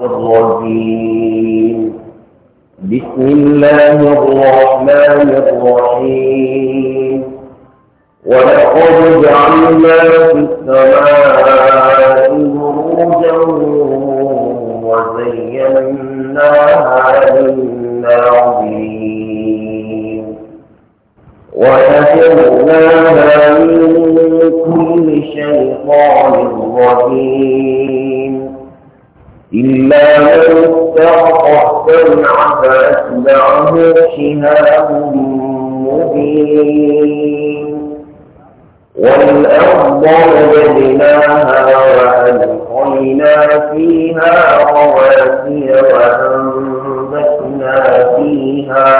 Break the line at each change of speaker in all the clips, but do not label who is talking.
الرجيم بسم الله الرحمن الرحيم ولقد جعلنا في السماء بروجا وزيناها للناظرين وحفظناها من كل شيطان رجيم إلا من استعطف سمع فأتبعه شهاب مبين والأرض مددناها وألقينا فيها رواسي وأنبتنا فيها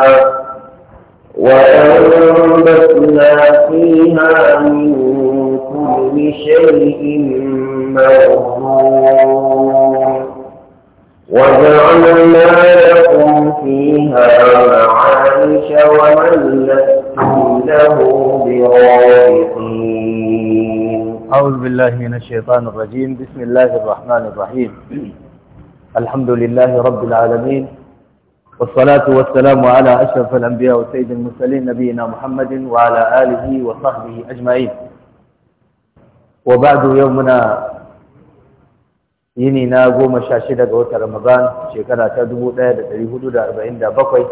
وأنبتنا فيها من كل شيء موجود وجعلنا لكم فيها معايش ومن لستم له برازقين
أعوذ بالله من الشيطان الرجيم بسم الله الرحمن الرحيم الحمد لله رب العالمين والصلاة والسلام على أشرف الأنبياء وسيد المرسلين نبينا محمد وعلى آله وصحبه أجمعين وبعد يومنا yini na goma sha shida ga watan ramadan shekara ta dubu ɗaya da ɗari hudu da arba'in da bakwai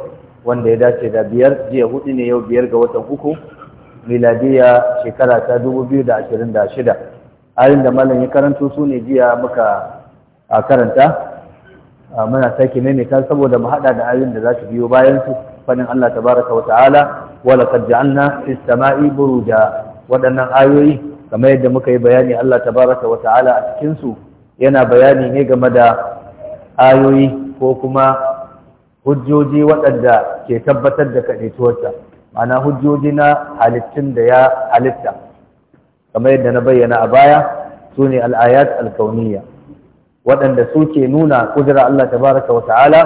wanda ya dace da biyar jiya hudu ne yau biyar ga watan uku miladiya shekara ta dubu biyu da ashirin da shida halin da malam ya karanto su ne jiya muka a karanta muna sake kan saboda mu haɗa da halin da za su biyo bayan su fadin Allah tabaraka wa ta'ala wala qad ja'alna fis sama'i buruja waɗannan ayoyi kamar yadda muka yi bayani Allah tabaraka wa ta'ala a cikin su yana bayani ne game da ayoyi ko kuma hujjoji waɗanda ke tabbatar da kaɗaituwarsa ma'ana hujjoji na halittun da ya halitta kamar yadda na bayyana a baya su ne al'ayat alkauniya waɗanda suke nuna kudura Allah tabaraka wa ta'ala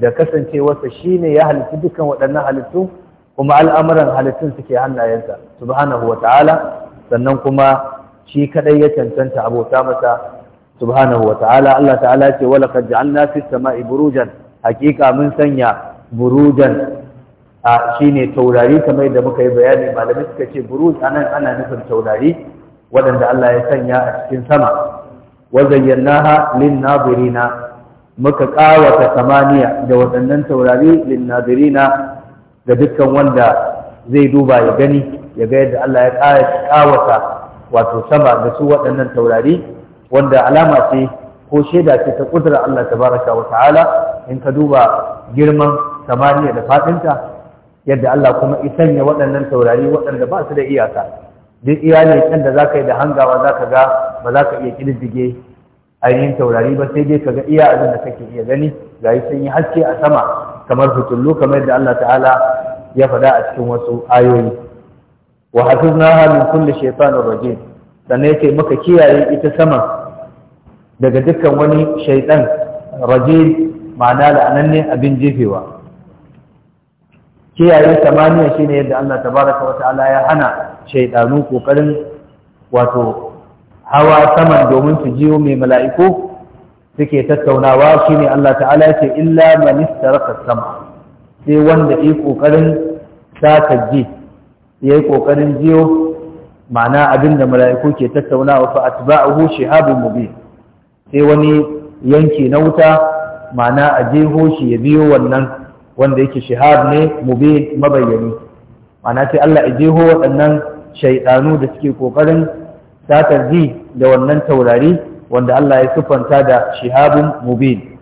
da kasancewarsa shi ne ya halittu dukkan waɗannan halittu kuma al'amuran halittun suke hannayensa subhanahu wa ta'ala sannan kuma shi kaɗai ya cancanta abota masa subhanahu wa ta'ala Allah ta'ala ce wala kad ja'alna fis sama'i burujan hakika mun sanya burujan a shine taurari kamar da muka yi bayani malami suka ce buruj anan ana nufin taurari waɗanda Allah ya sanya a cikin sama wa zayyanaha lin nadirina muka kawata samaniya da waɗannan taurari lin nadirina ga dukkan wanda zai duba ya gani ya ga yadda Allah ya kawata wato sama da su waɗannan taurari wanda alama ce ko shaida ce ta kudura Allah tabaraka wa ta'ala in ka duba girman samaniya da fadinta yadda Allah kuma sanya waɗannan taurari waɗanda ba su da iyaka duk iya ne can da zaka yi da hangawa zaka ga ba za ka iya kididdige ainihin taurari ba sai dai ka ga iya abin da kake iya gani ga sun yi haske a sama kamar fitullu kamar yadda Allah ta'ala ya faɗa a cikin wasu ayoyi wa hafiznaha min kulli shaytanir rajim sannan yace maka kiyaye ita sama daga dukkan wani shaidan rajin ma'ana la'ananne abin jefewa kiyaye samaniya shine yadda Allah tabaraka wa ta'ala ya hana shaidanu kokarin wato hawa saman domin su jiwo mai mala'iku suke tattaunawa shine Allah ta'ala ce illa man istaraka sama sai wanda yi kokarin sata ji yayi kokarin jiyo ma'ana abinda mala'iku ke tattaunawa fa atba'uhu shihabun mubin sai wani yanki na wuta ma'ana a jeho shi ya biyo wannan wanda yake shihab ne mubin mabayyani ma'ana sai Allah ya jeho waɗannan shaiɗanu da suke kokarin satar ji da wannan taurari wanda Allah ya sufanta da shihabun mubin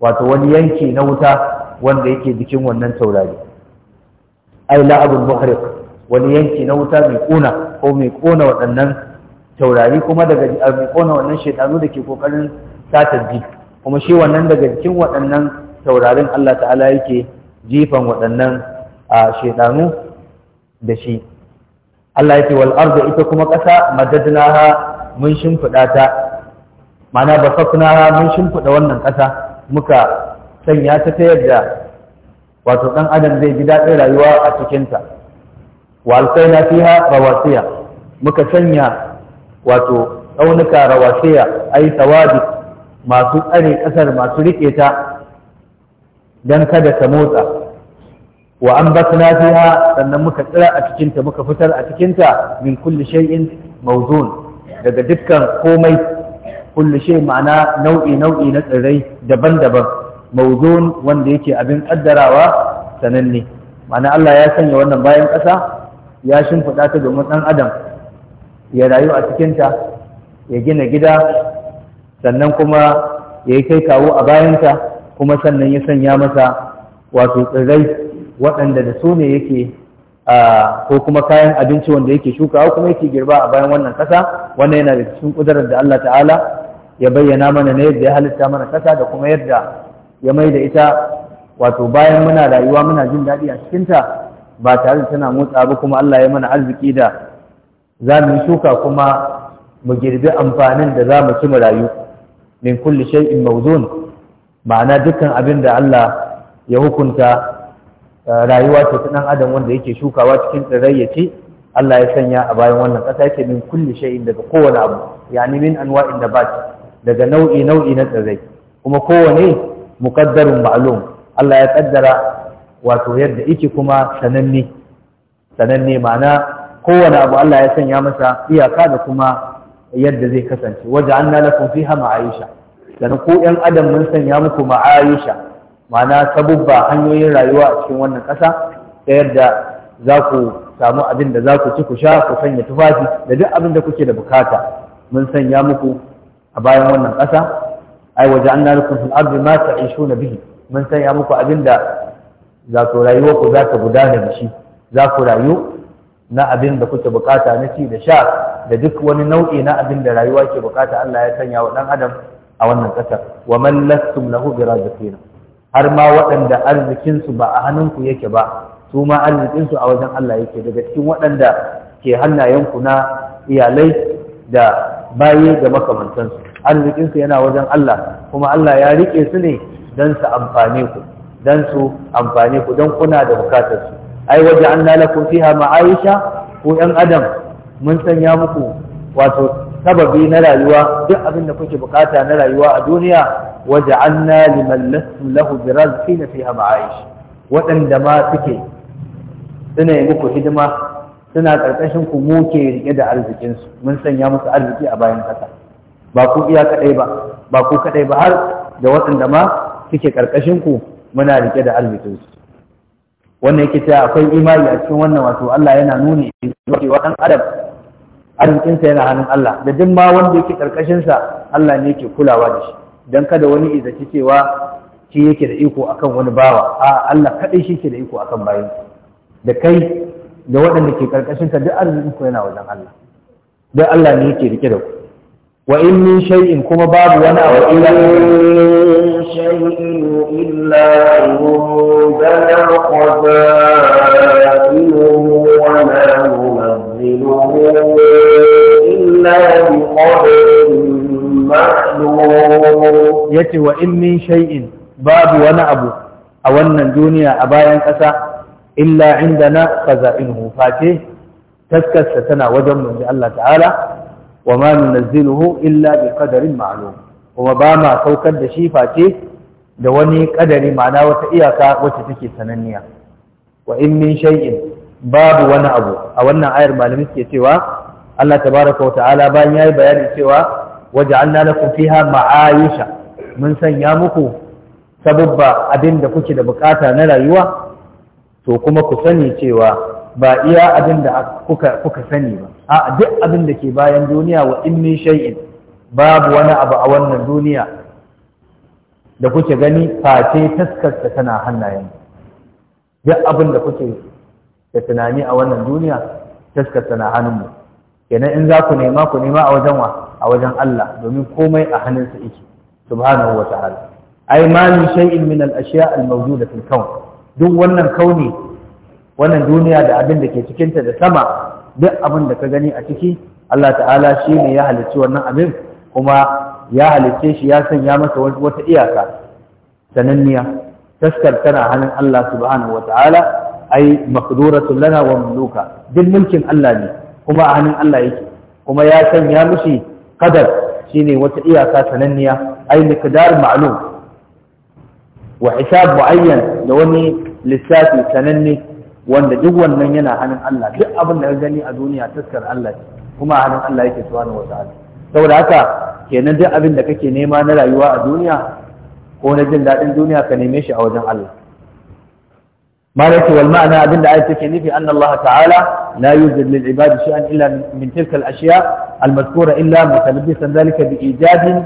wato wani yanki na wuta wanda yake jikin wannan taurari ai la'abul muhriq wani yanki na wuta mai kona ko mai kona waɗannan taurari kuma daga mai kona wannan shaidanu da ke kokarin sata ji kuma shi wannan daga cikin waɗannan taurarin Allah ta'ala yake jifan waɗannan a shaidanu da shi Allah yake wal arda ita kuma ƙasa madadnaha mun shimfiɗa ta ma'ana basatnaha mun shimfiɗa wannan ƙasa muka sanya ta ta yadda wato ɗan adam zai ji daɗin rayuwa a cikinta wa na fiha rawasiya muka sanya wato tsaunuka rawasiya ai tsawabi, masu tsare ƙasar masu riƙe ta don kada ta motsa wa na fiha sannan muka tsira a cikinta muka fitar a cikinta, ta min kulli shay'in mawzun daga dukkan komai kulli shay ma'ana nau'i nau'i na tsirrai daban-daban mawzun wanda yake abin kaddarawa sananne ma'ana Allah ya sanya wannan bayan ƙasa ya shimfiɗa ta domin ɗan adam ya rayu a cikinta ya gina gida sannan kuma ya yi kai kawo a bayanta kuma sannan ya sanya masa wato tsirrai waɗanda da su ne yake ko kuma kayan abinci wanda yake shukawa kuma yake girba a bayan wannan ƙasa wannan yana da cikin ƙudurar da Allah ta'ala ya bayyana mana na yadda ya halitta mana ƙasa da kuma yadda ya mai da ita wato bayan muna rayuwa muna jin daɗi a cikinta ba tare da tana motsa ba kuma Allah ya mana arziki da za mu shuka kuma mu girbi amfanin da za mu ci mu rayu min kulli shay'in mawzun ma'ana dukkan abin da Allah ya hukunta eh, rayuwa ce ta dan adam wanda yake shukawa cikin tsirrai ya Allah ya sanya a bayan wannan ƙasa yake min kulli shay'in daga kowane abu yani min anwa'in bat daga nau'i nau'i na tsirrai kuma kowane muqaddarun ma'lum Allah ya kaddara wato yadda ike kuma sananne sananne ma'ana kowane abu Allah ya sanya masa iyaka da kuma yadda zai kasance waje an na lafi fi hama aisha sannan ko ‘yan adam mun sanya muku ma'aisha ma'ana sabubba hanyoyin rayuwa a cikin wannan ƙasa ta yadda za ku samu abin da za ku ci ku sha ku sanya tufafi da duk abin da kuke da bukata mun sanya muku a bayan wannan ƙasa ai waje an na lafi fi abin ma ta shuna bihi mun sanya muku abin da za ku rayuwa ku za ta gudana da shi za ku rayu na abin da kuke bukata na ci da sha da duk wani nau'i na abin da rayuwa ke bukata Allah ya sanya wa dan adam a wannan ƙasar. wa man lastum lahu biraziqina har ma waɗanda arzikin su ba a hannunku yake ba su ma arzikin su a wajen Allah yake daga cikin waɗanda ke hannayenku na iyalai da baye da makamantansu arzikin su yana wajen Allah kuma Allah ya rike su ne dan su amfane ku dan su amfane ku don kuna da bukatar su ai waje anna fi fiha ma'aisha ko yan adam mun sanya muku wato sababi na rayuwa duk abin da kuke bukata na rayuwa a duniya waje anna liman lasu lahu bi fi fiha ma'aish waɗanda ma suke suna yi muku hidima suna ƙarƙashin ku mu ke riƙe da arzikinsu mun sanya musu arziki a bayan kasa ba ku iya kaɗai ba ba ku kaɗai ba har da waɗanda ma suke ƙarƙashin ku muna rike da arzikin su wannan yake cewa akwai imani a cikin wannan wato Allah yana nuni cewa dan adam arzikin sa yana hannun Allah da duk ma wanda yake karkashin sa Allah ne yake kulawa da shi dan kada wani ci cewa shi yake da iko akan wani bawa a Allah kadai shi yake da iko akan bayin da kai da waɗanda ke karkashin ka duk arzikin ku yana wajen Allah duk Allah ne yake rike da ku wa in min shay'in kuma babu wani abu illa
shay'in illa wa nunzilu illa bi yace wa in min
shay'in babu wani abu a wannan duniya a bayan ƙasa illa indana khazainuhu fate taskarsa tana wajen manzo Allah ta'ala wa ma nunazziluhu illa bi qadarin ma'lum kuma ba ma saukar da shi face da wani kadari ma'ana wata iyaka wacce take sananniya wa in min shay'in babu wani abu a wannan ayar malami ke cewa Allah tabaraka wa ta'ala bayan yayi bayani cewa waja'alna lakum fiha ma'ayisha mun sanya muku sababba abin da kuke da bukata na rayuwa to kuma ku sani cewa ba iya abin da kuka sani ba a duk abin da ke bayan duniya wa in min shay'in babu wani abu a wannan duniya da kuke gani face taskarta tana hannayen duk abin da kuke da tunani a wannan duniya taskarta na hannunmu kenan in za ku nema ku nema a wajen wa a wajen Allah domin komai a hannunsa yake subhanahu wa ta'ala ai ma min shay'in min al-ashya' al-mawjuda fil kawn duk wannan kauni wannan duniya da abin da ke cikinta da sama duk abin da ka gani a ciki Allah ta'ala shi ne ya halicci wannan abin kuma ya halicce shi ya sanya masa wata iyaka sananniya taskar tana hannun Allah subhanahu wa ta'ala ai maqduratun lana wa mamluka duk mulkin Allah ne kuma a hannun Allah yake kuma ya sanya mishi qadar shine wata iyaka sananniya ai miqdar ma'lum wa hisab muayyan da wani lissafi sananne wanda duk wannan yana hannun Allah duk abin da ka gani a duniya taskar Allah ce kuma hannun Allah yake subhanahu wata'ala saboda haka kenan duk abin da kake nema na rayuwa a duniya ko na jin daɗin duniya ka neme shi a wajen Allah malaki wal ma'ana abin da ayat take nufi anna Allah ta'ala la yuzil lil ibadi illa min tilka al ashiya al madhkura illa mutalabbisan dhalika bi ijadin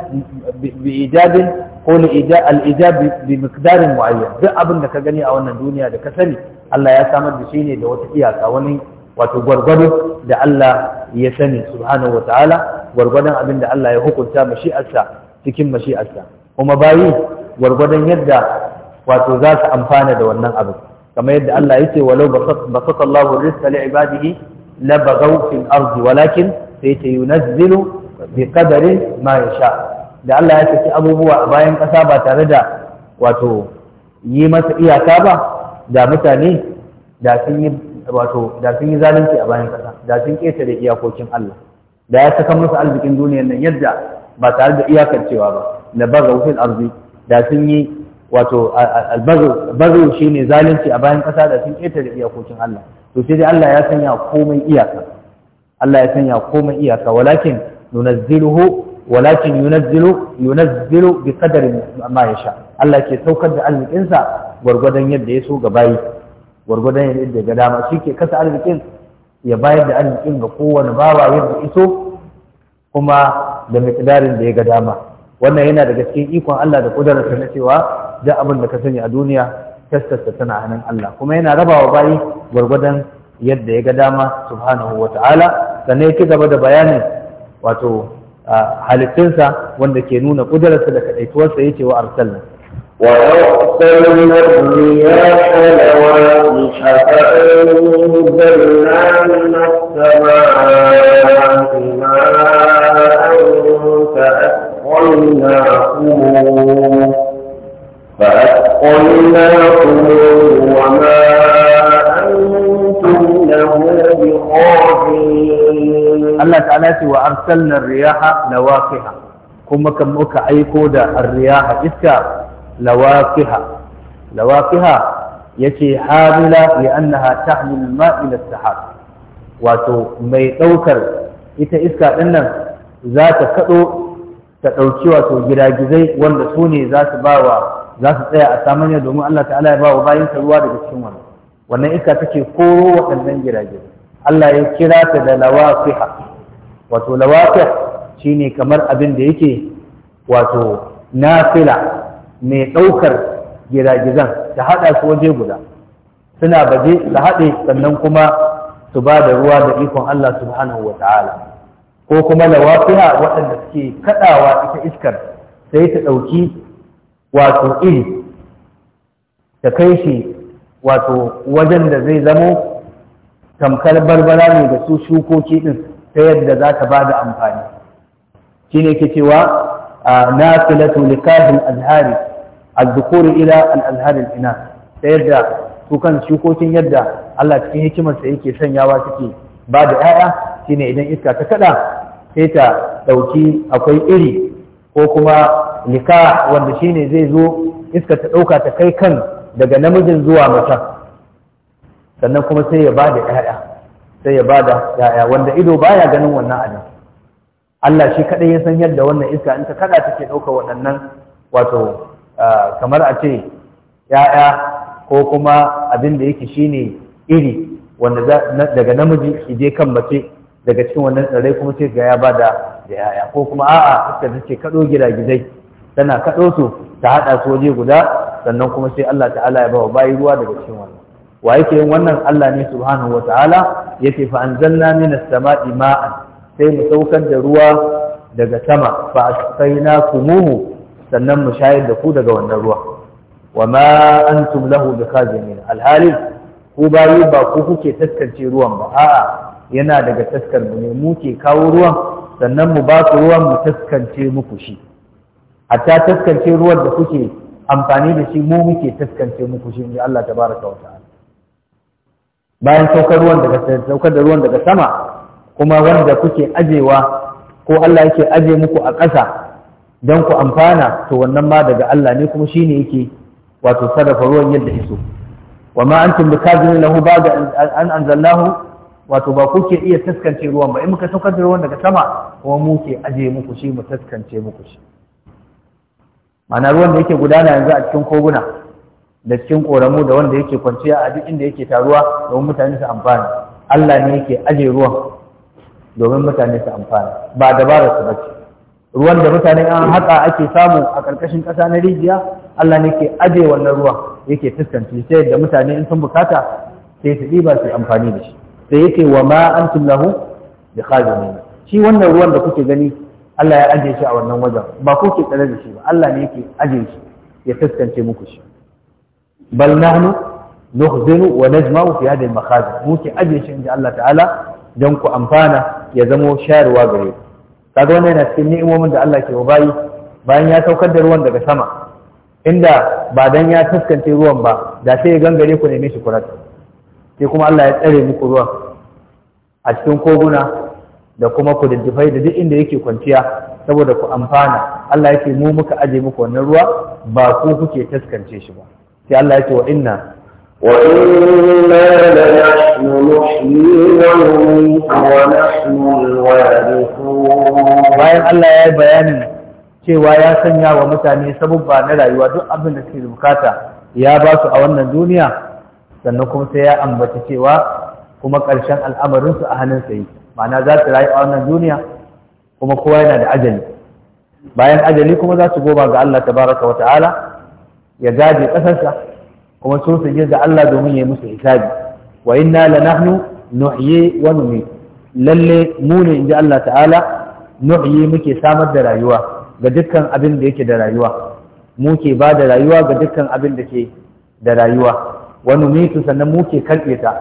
bi al ijab bi miqdarin muayyan duk abin da ka gani a wannan duniya da ka sani Allah ya samar da shi ne da wata iyaka wani wato gwargwado da Allah ya sani subhanahu wa ta'ala gwargwadon abin da Allah ya hukunta mashi'arsa cikin mashi'arsa kuma bayi gwargwadon yadda wato za su amfana da wannan abin kamar yadda Allah ya ce walau basata Allahu rizqa li ibadihi la baghaw fil ardi walakin sai ta yunazzilu bi qadari ma yasha da Allah ya saki abubuwa a bayan kasa ba tare da wato yi masa iyaka ba da mutane da sun yi wato da sun yi zalunci a bayan kasa da sun ƙetare iyakokin Allah da ya saka musu arzikin duniyar nan yadda ba tare da iyakancewa ba na baza wufin arzi da sun yi wato albazu shi ne zalunci a bayan kasa da sun ƙetare iyakokin Allah to sai dai Allah ya sanya komai iyaka Allah ya sanya komai iyaka walakin nunazziluhu walakin yunazzilu yunazzilu bi qadarin ma yasha Allah ke saukar da arzikinsa gwargwadon yadda ya so ga bayi gwargwadon yadda ga dama shi ke kasa arzikin ya bayar da arzikin ga kowane bawa yadda iso kuma da mikilarin da ya ga dama wannan yana daga cikin ikon Allah da kudararsa na cewa da abin da ka sani a duniya taskarsa tana hannun Allah kuma yana rabawa bayi gwargwadon yadda ya ga dama subhanahu wata'ala sannan ya ci gaba da bayanin wato halittunsa wanda ke nuna kudararsa da kadaituwarsa ce wa arsalna
وأرسلنا الرياح لواقح فأنزلنا من السماء ماء فأسقيناكم وما أنتم له Allah ta'ala ce wa arsalna
riyaha lawaqiha kuma kan muka aiko da riyaha iska lawaqiha lawaqiha yace hamila li tahmil ma'a ila sahab wato mai daukar ita iska din nan za ta kado ta dauki wato gidagizai wanda su ne za su za su tsaya a samaniya domin Allah ta'ala ya bawa bayin ruwa daga cikin wannan wannan iska take koro waɗannan gidagizai Allah ya kira ta da lawaqiha wato shi shine kamar abin da yake wato nafila mai daukar gizan ta hada su waje guda suna baje su haɗe sannan kuma su ba da ruwa da ikon Allah subhanahu wa ta'ala ko kuma lawafiya waɗanda suke kaɗawa ita iskar sai ta ɗauki wato iri ta kai shi wato wajen da zai zamo tamkar barbara ne da su shukoki ɗin ta yadda za ta ba da amfani shi ne ke cewa na filatu likafin azhari azzukuri ila alalharin ina ta yadda su kan shukokin yadda Allah cikin hikimarsa yake sanyawa suke ba da ‘ya'ya shi ne idan iska ta kaɗa sai ta ɗauki akwai iri ko kuma lika wanda shi ne zai zo iska ta ɗauka ta kai kan daga namijin zuwa macen sannan kuma sai ya ba da ‘ya'ya sai ya bada yaya wanda ido baya ganin wannan abin Allah shi kadai ya san yadda wannan iska in ta kada take dauka waɗannan wato kamar a ce yaya ko kuma abin da yake shine iri wanda daga namiji ije kan mace daga cikin wannan tsirrai kuma sai ga ya bada da yaya ko kuma a'a iska take kado gizai tana kado su ta hada su waje guda sannan kuma sai Allah ta'ala ya ba wa bayi ruwa daga cikin wannan wa yake yin wannan Allah ne subhanahu Ya yake fa anzalna minas sama'i ma'an sai mu saukar da ruwa daga sama fa asqayna kumuhu sannan mu shayar da ku daga wannan ruwa wa ma antum lahu bikhazinin alhalin ku bayi ba ku kuke taskance ruwan ba a'a yana daga taskar mu ne mu ke kawo ruwan sannan mu ba ku ruwan mu taskance muku shi hatta taskance ruwan da kuke amfani da shi mu muke taskance muku shi inji Allah tabaraka wa ta'ala
bayan saukar ruwan
daga saukar da ruwan daga sama kuma wanda kuke ajewa ko Allah yake aje muku a ƙasa don ku amfana to wannan ma daga Allah ne kuma shine yake wato sarrafa ruwan yadda iso wa ma antum bikazin lahu ba'da an anzalnahu wato ba kuke iya taskance ruwan ba in muka saukar da ruwan daga sama kuma muke aje muku shi mu taskance muku shi ma'ana ruwan da yake gudana yanzu a cikin koguna da cikin koramu da wanda yake kwanciya a duk inda yake taruwa domin mutane su amfana Allah ne yake aje ruwan domin mutane su amfana ba dabara su bace ruwan da mutane an haƙa ake samu a ƙarƙashin ƙasa na rijiya Allah ne ke aje wannan ruwan yake fuskanci sai da mutane in sun bukata sai su ɗiba su amfani da shi sai yake wa ma antum lahu bi khazinin shi wannan ruwan da kuke gani Allah ya aje shi a wannan wajen ba kuke tsare da shi ba Allah ne yake aje shi ya fuskance muku shi bal nahnu nukhziru wa najma'u fi hadhihi al-makhazin muke ajiye shi inda Allah ta'ala dan ku amfana ya zamo shayarwa gare ku kaga wannan yana cikin ni'imomin da Allah ke wa bayi bayan ya saukar da ruwan daga sama inda ba dan ya taskance ruwan ba da sai ya gangare ku neme shi kurat sai kuma Allah ya tsare muku ruwan a cikin koguna da kuma ku diddifai da duk inda yake kwanciya saboda ku amfana Allah yake mu muka aje muku wannan ruwa ba ku kuke taskance shi ba sai Allah ya ce wa inna
wa inna la nahnu nuhyi wa nahnu al-warithun
bayan Allah ya yi bayani cewa ya sanya wa mutane sabubba na rayuwa duk abin da suke bukata ya ba su a wannan duniya sannan kuma sai ya ambaci cewa kuma ƙarshen al'amarinsu a hannun sai ma'ana za su rayu a wannan duniya kuma kowa yana da ajali bayan ajali kuma za su goma ga Allah tabaraka wa ta'ala ya gaje ƙasarsa kuma sun su da Allah domin ya yi musu hisabi wa inna la nahnu nuhyi wa numit lalle mu ne inji Allah ta'ala nuhyi muke samar da rayuwa ga dukkan abin da yake da rayuwa mu ke ba da rayuwa ga dukkan abin da ke da rayuwa wa numitu sannan mu ke karɓe ta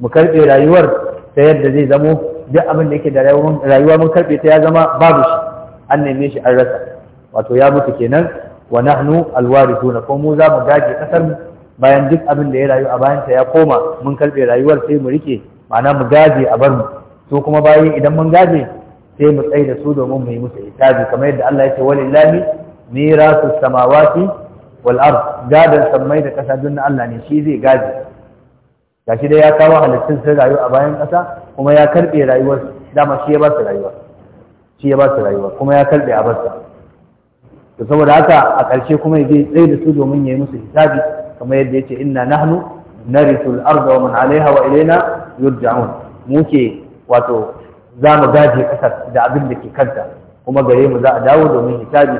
mu karɓe rayuwar ta yadda zai zamo duk abin da yake da rayuwa mun karɓe ta ya zama babu shi an neme shi an rasa wato ya mutu kenan wa nahnu alwarithuna ko mu zamu gaje kasar bayan duk abin da ya rayu a bayan ta ya koma mun kalbe rayuwar sai mu rike ma'ana mu gaje a bar mu so kuma bayan idan mun gaje sai mu tsaye da su domin mu yi musu hisabi kamar yadda Allah ya ce walillahi mirasu samawati wal ard gadan samai da kasa dun Allah ne shi zai gaje gashi dai ya kawo halittun sai rayu a bayan kasa kuma ya karbe rayuwar dama shi ya ba su rayuwa shi ya ba su rayuwa kuma ya kalbe a su to saboda haka a ƙarshe kuma ya tsaye da su domin ya yi musu hisabi kamar yadda yace inna nahnu narithu al-ardha wa man 'alayha wa ilayna yurja'un ke wato za mu gaje kasar da abin da ke kanta kuma gare mu za a dawo domin hisabi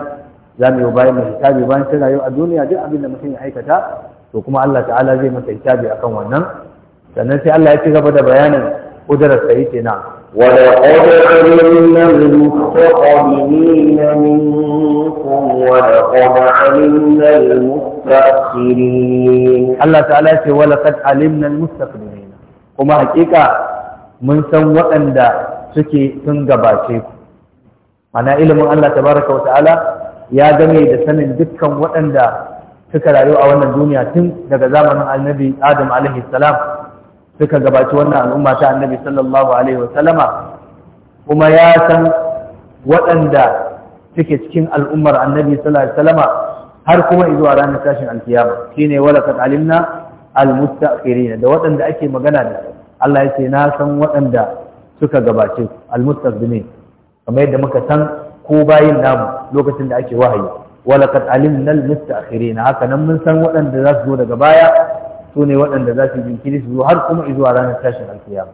za mu yi bayan mu hisabi bayan ta rayu a duniya duk abin da mutum ya aikata to kuma Allah ta'ala zai masa hisabi akan wannan sannan sai Allah ya ci gaba da bayanin kudarar sa yake na ولقد علمنا المستقدمين
منكم Allah علمنا
المستأخرين الله تعالى ولقد علمنا kuma hakika mun san waɗanda suke sun gabace ku mana ilimin Allah tabaraka wa ta'ala ya game da sanin dukkan waɗanda suka rayu a wannan duniya tun daga zamanin annabi Adam alaihi salam suka gabaci wannan al'umma ta annabi sallallahu alaihi wa sallama kuma ya san waɗanda Suke cikin al'ummar annabi sallallahu alaihi wasallama har kuma zuwa ranar tashin alkiyama shine wala kad alimna almustaqirin da waɗanda ake magana da Allah ya ce na san waɗanda suka gabace almustaqdimin kamar yadda muka san ko bayin namu lokacin da ake wahayi wala kad alimna almustaqirin haka nan mun san waɗanda za su zo daga baya su ne waɗanda za su jinkiri su zo har kuma zuwa ranar tashin alkiyama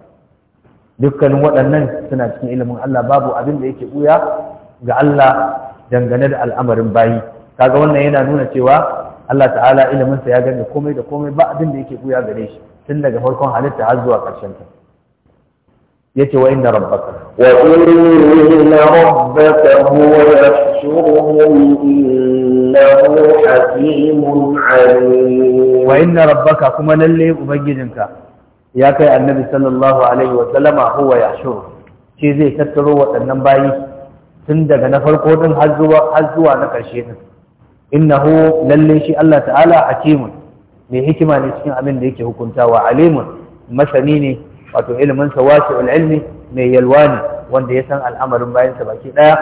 dukkanin waɗannan suna cikin ilimin Allah babu abin da yake buya ga Allah dangane da al'amarin bayi kaga wannan yana nuna cewa Allah ta'ala iliminsa ya gane komai da komai ba abin da yake buya gare shi tun daga farkon halitta har zuwa ƙarshen ta yace wa inna rabbaka wa inna rabbaka huwa
yahshuruhum innahu hakimun alim wa inna
rabbaka kuma lalle ubangijinka ya kai annabi sallallahu alaihi wa sallama huwa yahshuru shi zai tattaro waɗannan bayi tun daga na farko din har zuwa har zuwa na ƙarshe din innahu lalle shi Allah ta'ala hakimun mai hikima ne cikin abin da yake hukuntawa alimun masani ne wato ilimin sa wasi'ul ilmi mai yalwa ne wanda ya san al'amarin bayan sa baki daya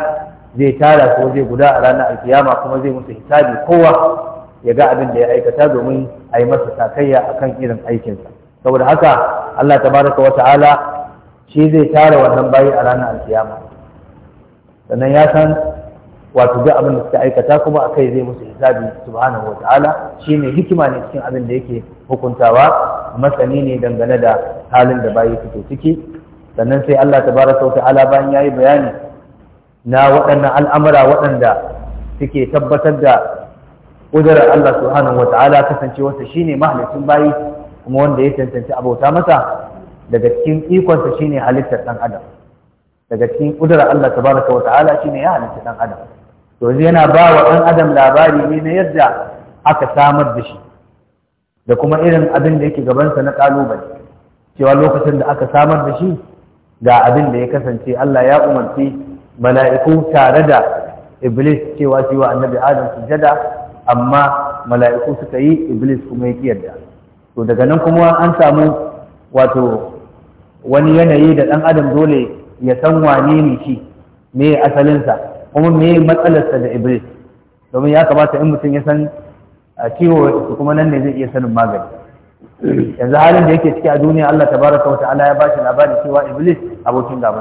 zai tara ko zai guda a ranar alkiyama kuma zai musu hisabi kowa ya ga abin da ya aikata domin a yi masa takayya akan irin aikinsa saboda haka Allah tabaraka wa ta'ala shi zai tara wannan bayi a ranar alkiyama sannan ya san wato duk abin da suka aikata kuma a kai zai musu hisabi subhanahu wa ta'ala shine hikima ne cikin abin da yake hukuntawa masani ne dangane da halin da bayi suke ciki sannan sai Allah tabaraka wa ta'ala bayan ya yi bayani na waɗannan al'amura waɗanda suke tabbatar da ƙudurar Allah subhanahu wa ta'ala kasancewarsa shine mahalicin bayi kuma wanda ya cancanci abota masa daga cikin ikonsa shi ne halittar ɗan adam daga cikin ƙudurar Allah tabaraka wa ta'ala ne ya halitta dan adam to yana ba wa adam labari ne na yadda aka samar da shi da kuma irin abin da yake gabansa na ƙalubale, cewa lokacin da aka samar da shi ga abin da ya kasance Allah ya umarci mala'iku tare da iblis cewa shi wa annabi adam sujada amma mala'iku suka yi iblis kuma ya kiyarda to daga nan kuma an samu wato wani yanayi da ɗan adam dole ya san wane ne shi me asalinsa kuma me matsalarsa da iblis domin ya kamata in mutum ya san a ciwo kuma nan ne zai iya sanin magani yanzu halin da yake ciki a duniya Allah tabaraka wa ta'ala ya bashi labarin cewa iblis abokin sa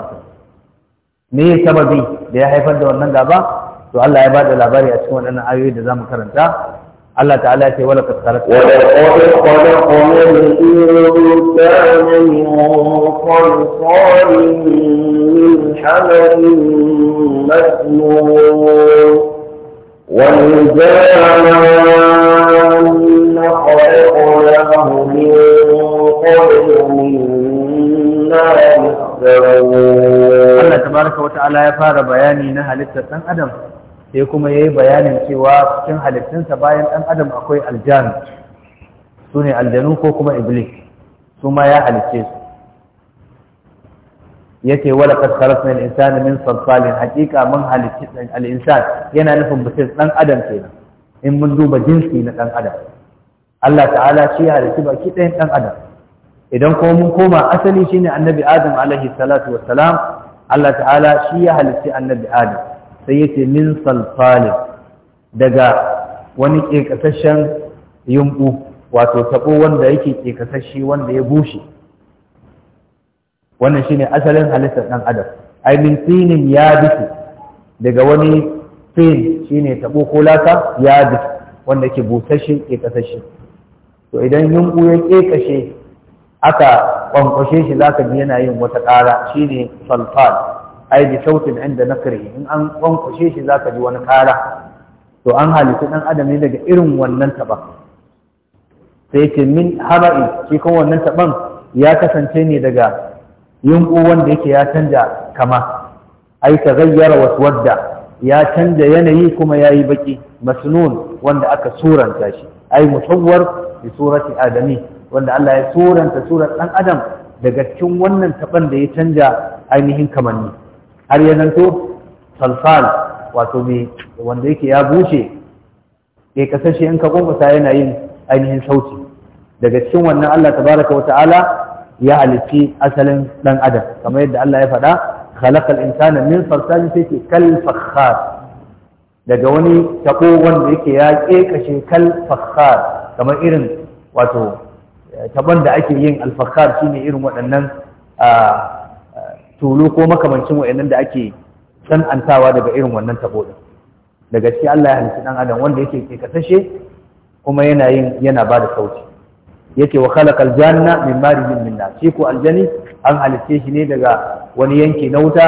me sababi da ya haifar da wannan gaba to Allah ya bada labari a cikin waɗannan ayoyi da zamu karanta الله تعالى يقول ولقد خلقت ولقد خلقنا الإنسان
من صلصال من حمل مسنون والجان خلقناه من قبل من نار السموم الله تبارك وتعالى
يفعل بياني نهى لسه أدم sai kuma ya yi bayanin cewa cikin halittinsa bayan ɗan adam akwai aljanu su ne aljanu ko kuma iblis su ma ya halicce su ya ce wala kaskarar na al'insan min sarsalin hakika mun halicci al'insan yana nufin mutum ɗan adam kenan in mun duba jinsi na ɗan adam Allah ta'ala shi ya halicci baki ɗayan ɗan adam idan kuma mun koma asali shine annabi adam alaihi salatu wassalam Allah ta'ala shi ya halicci annabi adam sai ce min salfalin daga wani kekasashen yumbu wato tabo wanda yake kekasashe wanda ya bushe wannan shine asalin halittar dan adam ai min tinin ya bisu daga wani tin shine tabo ko laka ya bisu wanda yake busashe kekasashe to idan yumbu ya kekashe aka kwankwashe shi zaka ji yana yin wata ƙara shine salfal ai sautin inda nakrihi in an kwankwashe shi zaka ji wani kara to an halittu dan adam ne daga irin wannan taba sai ce min haba'i shi wannan taban ya kasance ne daga yunku wanda yake ya canja kama ai wasu wadda ya canja yanayi kuma yayi baki masnun wanda aka suranta shi ai musawwar bi surati adami wanda Allah ya suranta surar dan adam daga cikin wannan taban da ya canja ainihin kamanni har ya zanto falfal wato mai wanda yake ya bushe ya kasashe in ka gumbusa yana yin ainihin sauti daga cikin wannan Allah tabaraka wa ta'ala ya halitti asalin dan adam kamar yadda Allah ya faɗa khalaqal insana min sai ke kal fakhar daga wani tabo wanda yake ya kekashe kal fakhar kamar irin wato taban da ake yin alfakar shine irin waɗannan ah, tulu ko makamancin wa'annan da ake san'antawa daga irin wannan tabo din Daga gaske Allah ya halitta dan adam wanda yake ke kasashe kuma yana yin yana bada sauti yake wa khalaqal janna min marijin min nar ko aljani an halitte shi ne daga wani yanki na wuta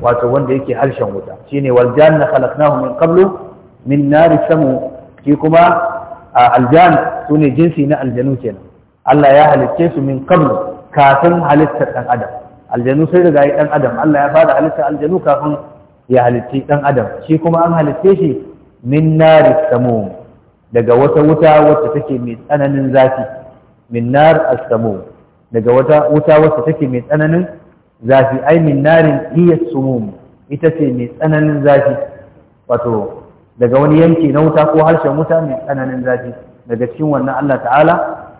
wato wanda yake harshen wuta shine wal janna khalaqnahu min qablu min nari samu ki kuma aljan sune jinsi na aljanu kenan Allah ya halicce su min qablu kafin halittar dan adam aljanu sai daga riga ɗan adam Allah ya fara halitta aljanu kafin ya halitti ɗan adam shi kuma an halitte shi min naris samum daga wata wuta wacce take mai tsananin zafi min nar as daga wata wuta wacce take mai tsananin zafi ai min narin iya sumum ita ce mai tsananin zafi wato daga wani yanki na wuta ko harshen wuta mai tsananin zafi daga cikin wannan Allah ta'ala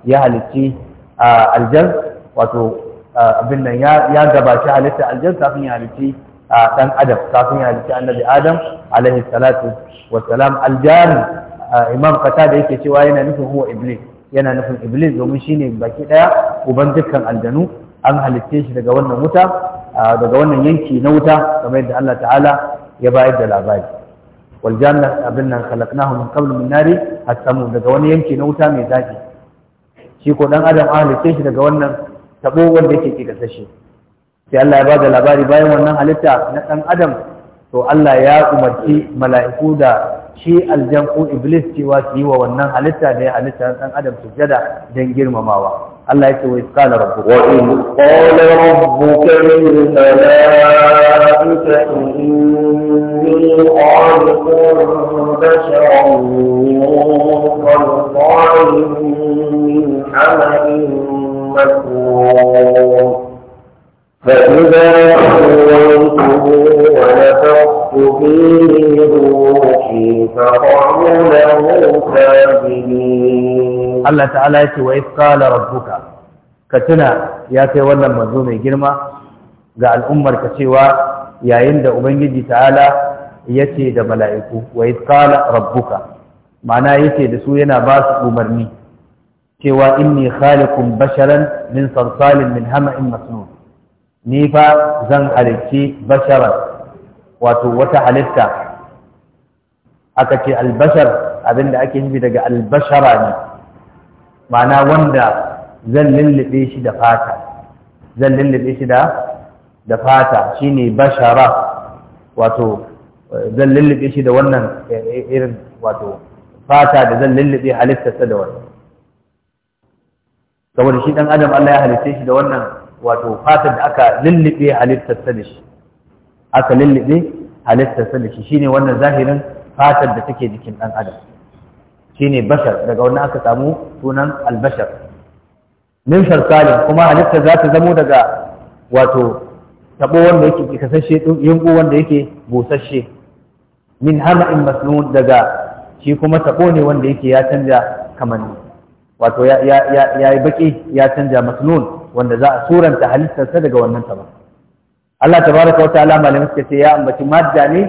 ya halicci a aljan wato abin nan ya gabaci halitta aljan kafin ya halitti dan adam kafin ya halitti annabi adam alaihi salatu wa salam aljan imam kata da yake cewa yana nufin huwa iblis yana nufin iblis domin shine baki daya uban dukkan aljanu an halitte shi daga wannan wuta daga wannan yanki na wuta kamar yadda Allah ta'ala ya bayar da labari wal janna abin nan khalaqnahu min qabl min nari hatta daga wani yanki na wuta mai zaki shi ko dan adam an halitte daga wannan tabo wanda yake ke kasashe sai Allah ya bada labari bayan wannan halitta na dan adam to Allah ya umarci mala'iku da shi aljan ko iblis cewa su yi wa wannan halitta da ya halitta dan adam sujada dan girmamawa Allah ya ce wa isqala rabbu wa in qala rabbu kana
malaa'ikati inni khaliqun basharan min salsalin min hamalin Kaɗiga Allah
Ta'ala Ya ce wai su kala ka,
Katsina ya
kai wannan mazun mai girma ga al'ummarka cewa yayin da Ubangiji Ta'ala ya ce da mala'iku wai su kala ma'ana ya ce da su yana ba su umarni. cewa inni khaliqun basharan min salsalin min hama'in masnun ni fa zan halicci basharan wato wata halitta aka ce albashar abinda ake nufi daga albashara ne ma'ana wanda zan lullube shi da fata zan lullube shi da da fata shine bashara wato eh, zan lullube shi da wannan eh, eh, irin wato fata da zan lullube halittarsa da wannan saboda shi dan adam Allah ya halitta shi da wannan wato fatar da aka lullube halittar sa shi aka lullube halittar sa shi shine wannan zahirin fatar da take jikin dan adam shine bashar daga wannan aka samu sunan albashar min sharsalin kuma halitta za ta zamo daga wato tabo wanda yake kasashe yungu wanda yake busasshe min hama'in masnun daga shi kuma tabo ne wanda yake ya canja kamanni wato ya yi baki ya canja masnun wanda za a suranta halittarsa daga wannan ba. Allah ta tabaraka wata ta'ala malamin suka ce ya ambaci madda ne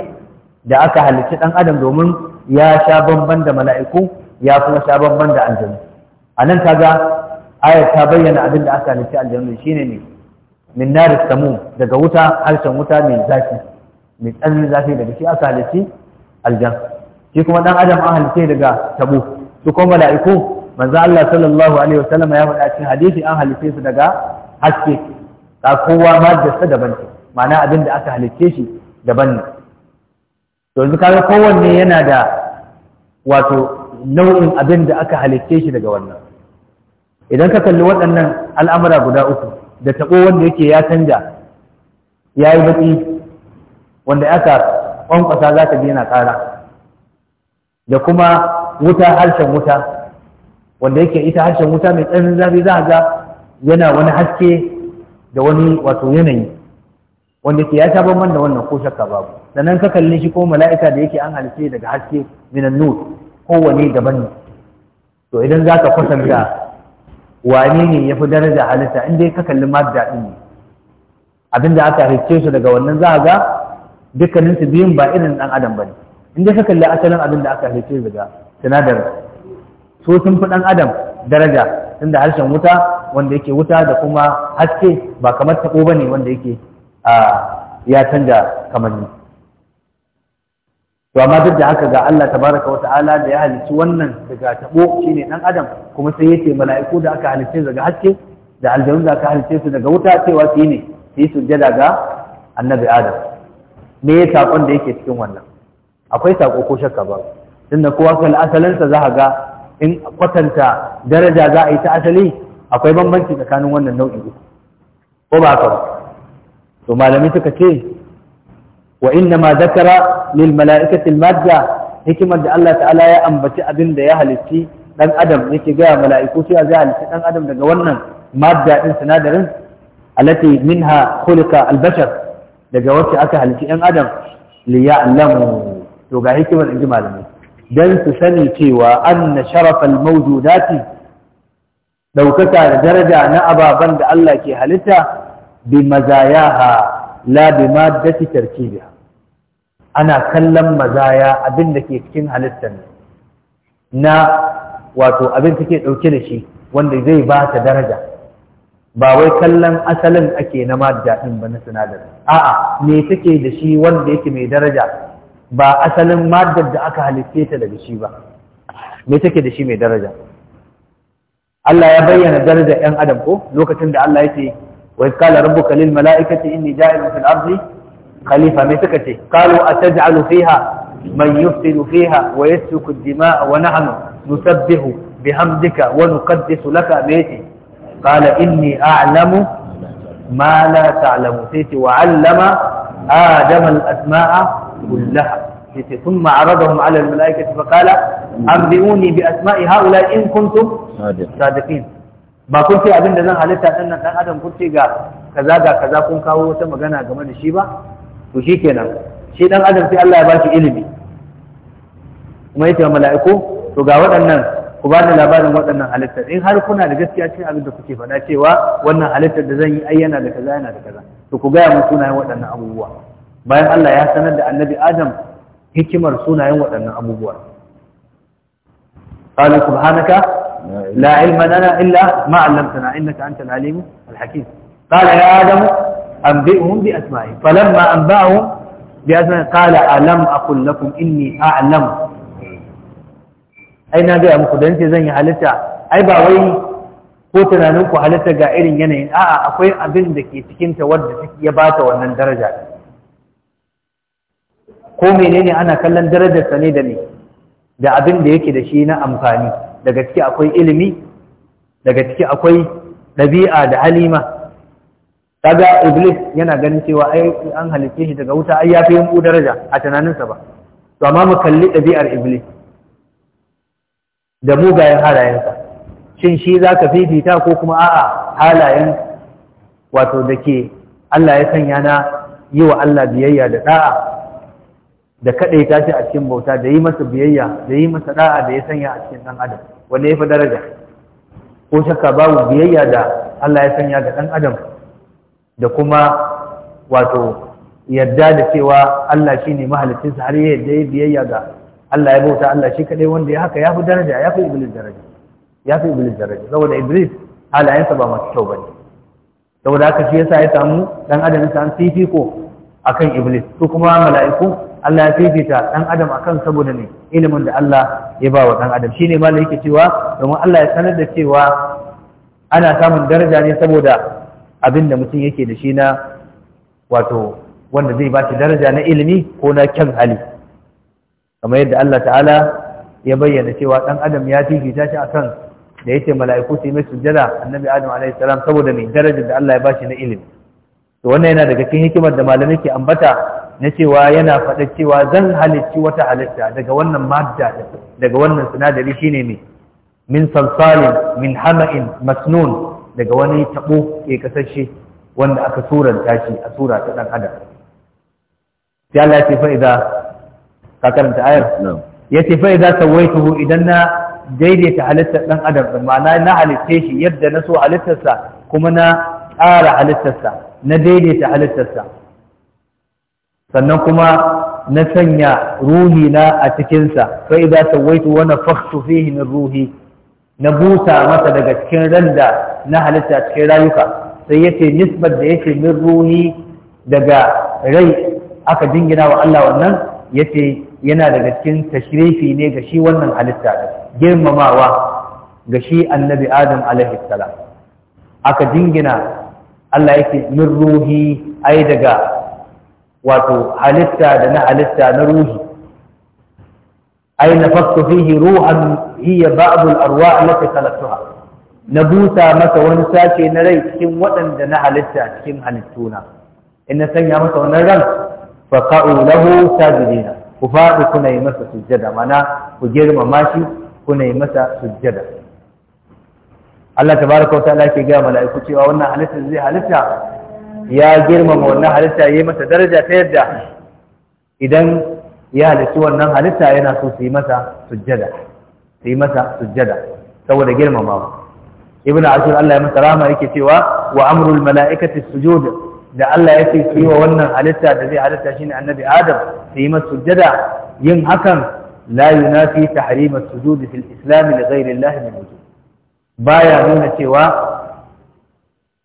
da aka halicci dan adam domin ya sha bamban da mala'iku ya kuma sha bamban da aljanu anan kaga ayat ta bayyana abin da aka halicci aljanu shi ne min naris samu daga wuta harshen wuta mai zafi mai tsananin zafi daga shi aka halicci aljan shi kuma dan adam an halicce daga tabo su kuma mala'iku manzo Allah sallallahu alaihi wasallam ya faɗa cikin hadisi an halice su daga haske ka kowa ma da sa daban ma'ana abin da aka halice shi daban ne to yanzu kaga kowanne yana da wato nau'in abin da aka halice shi daga wannan idan ka kalli waɗannan al'amura guda uku da taɓo wanda yake ya canja ya yi baƙi wanda aka kwankwasa za ka je yana ƙara da kuma wuta harshen wuta wanda yake ita harshen wuta mai tsananin zafi za a ga yana wani haske da wani wato yanayi wanda ke ya taɓa man da wannan ko shakka babu sannan ka kalli shi ko mala'ika da yake an halice daga haske minan nur kowane daban to idan za ka kwatanta wane ne ya fi daraja halitta in dai ka kalli madda ɗin ne abinda aka halice su daga wannan za a ga dukkaninsu biyun ba irin ɗan adam ba ne in dai ka kalli asalin abin da aka halice daga sinadarin so sun fi ɗan adam daraja tunda harshen wuta wanda yake wuta da kuma haske ba kamar taɓo ba ne wanda yake ya canja kamanni to amma duk da haka ga Allah tabaraka wa ta'ala da ya halicci wannan daga tabo shine ɗan adam kuma sai yace mala'iku da aka halicce daga haske da aljanu da aka halicce su daga wuta cewa su ne su yi sujjada ga annabi adam me ya saƙon da yake cikin wannan akwai sako ko shakka ba tunda kowa kan asalinsa za ga in kwatanta daraja za a yi ta asali akwai bambanci tsakanin wannan nau'in uku ko ba haka ba to malamai suka ce wa inna ma zakara lil mala'ikati al madda hikimar da Allah ta'ala ya ambaci abin da ya halitti dan adam yake ga mala'iku cewa zai halitti dan adam daga wannan madda din sinadarin allati minha khuliqa al bashar daga wacce aka halitti yan adam li to ga hikimar inji malamai dan su sani cewa anna sharafal mawjudati daukaka da daraja na ababan da Allah ke halitta bi mazayaha la bi maddati tarkibiha ana kallon mazaya abin da ke cikin halittar na wato abin ke dauke da shi wanda zai ba ta daraja ba wai kallon asalin ake na madda din ba na sinadarin a'a me take da shi wanda yake mai daraja ba asalin maddar da aka halitte ta daga shi ba me take da shi mai daraja Allah ya bayyana darajar ɗan adam ko lokacin da Allah yake wa qala rabbuka lil mala'ikati inni ja'ilun fil ardi khalifa me take ce qalu ataj'alu fiha man yufsidu fiha wa yasfiku ad-dima'a wa nahnu nusabbihu bihamdika wa nuqaddisu laka me ce qala inni a'lamu ma la ta'lamu sai ce wa 'allama adama al-asma'a كلها ثم عرضهم على الملائكة فقال أنبئوني بأسماء هؤلاء إن كنتم صادقين ba kun ce abin da zan halitta ɗan nan ɗan adam kun ga kaza ga kaza kun kawo wata magana game da shi ba to shi kenan shi ɗan adam sai Allah ya bashi ilimi kuma yake mala'iku to ga waɗannan ku ba ni labarin waɗannan halittar in har kuna da gaskiya cikin abin da kuke faɗa cewa wannan halittar da zan yi ai yana da kaza yana da kaza to ku gaya mun sunayen waɗannan abubuwa bayan Allah ya sanar da annabi Adam hikimar sunayen waɗannan abubuwa qala subhanaka la ilma lana illa ma 'allamtana innaka antal alim al hakim qala ya adam anbi'hum bi asma'i falamma anba'ahum bi asma'i qala alam aqul lakum inni a a'lam ai na ga muku dan ce zan yi halitta ai ba wai ko tunaninku halitta ga irin yanayin a'a akwai abin da ke cikin ta wanda ya bata wannan daraja ko menene ana kallon darajarsa ne da ne da abin da yake da shi na amfani daga ciki akwai ilimi daga ciki akwai ɗabi'a da halima kaga iblis yana ganin cewa ai an halice shi daga wuta ai yafi yin daraja a tunaninsa ba to amma mu kalli ɗabi'ar iblis da mugayen halayensa shin shi zaka fifita ko kuma a'a halayen wato da ke Allah ya sanya na yi wa Allah biyayya da da'a da kaɗai ta shi a cikin bauta da yi masa biyayya da yi masa da'a da ya sanya a cikin ɗan adam wanda ya fi daraja ko shakka babu biyayya da Allah ya sanya ga ɗan adam da kuma wato yadda da cewa Allah shi ne mahalicinsa har ya yadda ya biyayya ga Allah ya bauta Allah shi kaɗai wanda ya haka ya fi daraja ya fi iblis daraja ya fi iblis daraja saboda iblis halayensa ba masu kyau ba ne saboda haka shi yasa ya samu ɗan adam ya samu fifiko akan iblis su kuma mala'iku Allah ya fifita dan adam akan saboda ne ilimin da Allah ya ba wa dan adam shine malai yake cewa domin Allah ya sanar da cewa ana samun daraja ne saboda abin da mutum yake da shi na wato wanda zai ba shi daraja na ilimi ko na kyan hali kamar yadda Allah ta'ala ya bayyana cewa dan adam ya fifita shi akan da yake mala'iku su yi mai sujjada annabi adam alaihi salam saboda ne darajar da Allah ya ba shi na ilimi to wannan yana daga cikin hikimar da malamai ke ambata na cewa yana faɗa cewa zan halicci wata halitta daga wannan madda daga wannan sinadari shine ne min salsalin min hama'in masnun daga wani tabo ke kasashe wanda aka suranta shi a sura ta dan adam sai Allah ya ce fa idza ka karanta ayar ya ce fa idza sawaituhu idan na daidaita halittar dan adam ma'ana na halitte shi yadda na so halittarsa kuma na ƙara halittarsa na daidaita halittarsa sannan kuma na sanya ruhi na a cikinsa fa idza sawaitu wa nafakhtu fihi min ruhi na buta masa daga cikin ran da na halitta cikin rayuka sai yace nisbar da yake min ruhi daga rai aka dingina wa Allah wannan yace yana daga cikin tashrifi ne ga shi wannan halitta girmamawa ga shi annabi Adam alaihi salam aka dingina Allah yake min ruhi ai daga wato halitta da na halitta na ruhi ai nafaktu fihi ruhan hiya ba'd arwa allati na busa masa wani sace na rai cikin waɗanda na halitta cikin halittuna in na sanya masa wannan ran fa qa'u lahu sajidina ku faɗi kuna yi masa sujjada mana ku girmama shi kuna yi masa sujjada Allah tabaraka wa ta'ala ke ga mala'iku cewa wannan halitta zai halitta ya girmama wannan halitta ya yi mata daraja ta yadda idan ya halitta wannan halitta yana so su yi masa sujjada su yi masa sujjada saboda girmamawa ibnu ashir Allah ya masa rahama yake cewa wa amrul mala'ikati sujud da Allah ya ce su yi wa wannan halitta da zai halitta shine annabi adam su yi masa sujjada yin hakan la yunafi tahrim as-sujud fil islam li ghayri Allah min wujud baya nuna cewa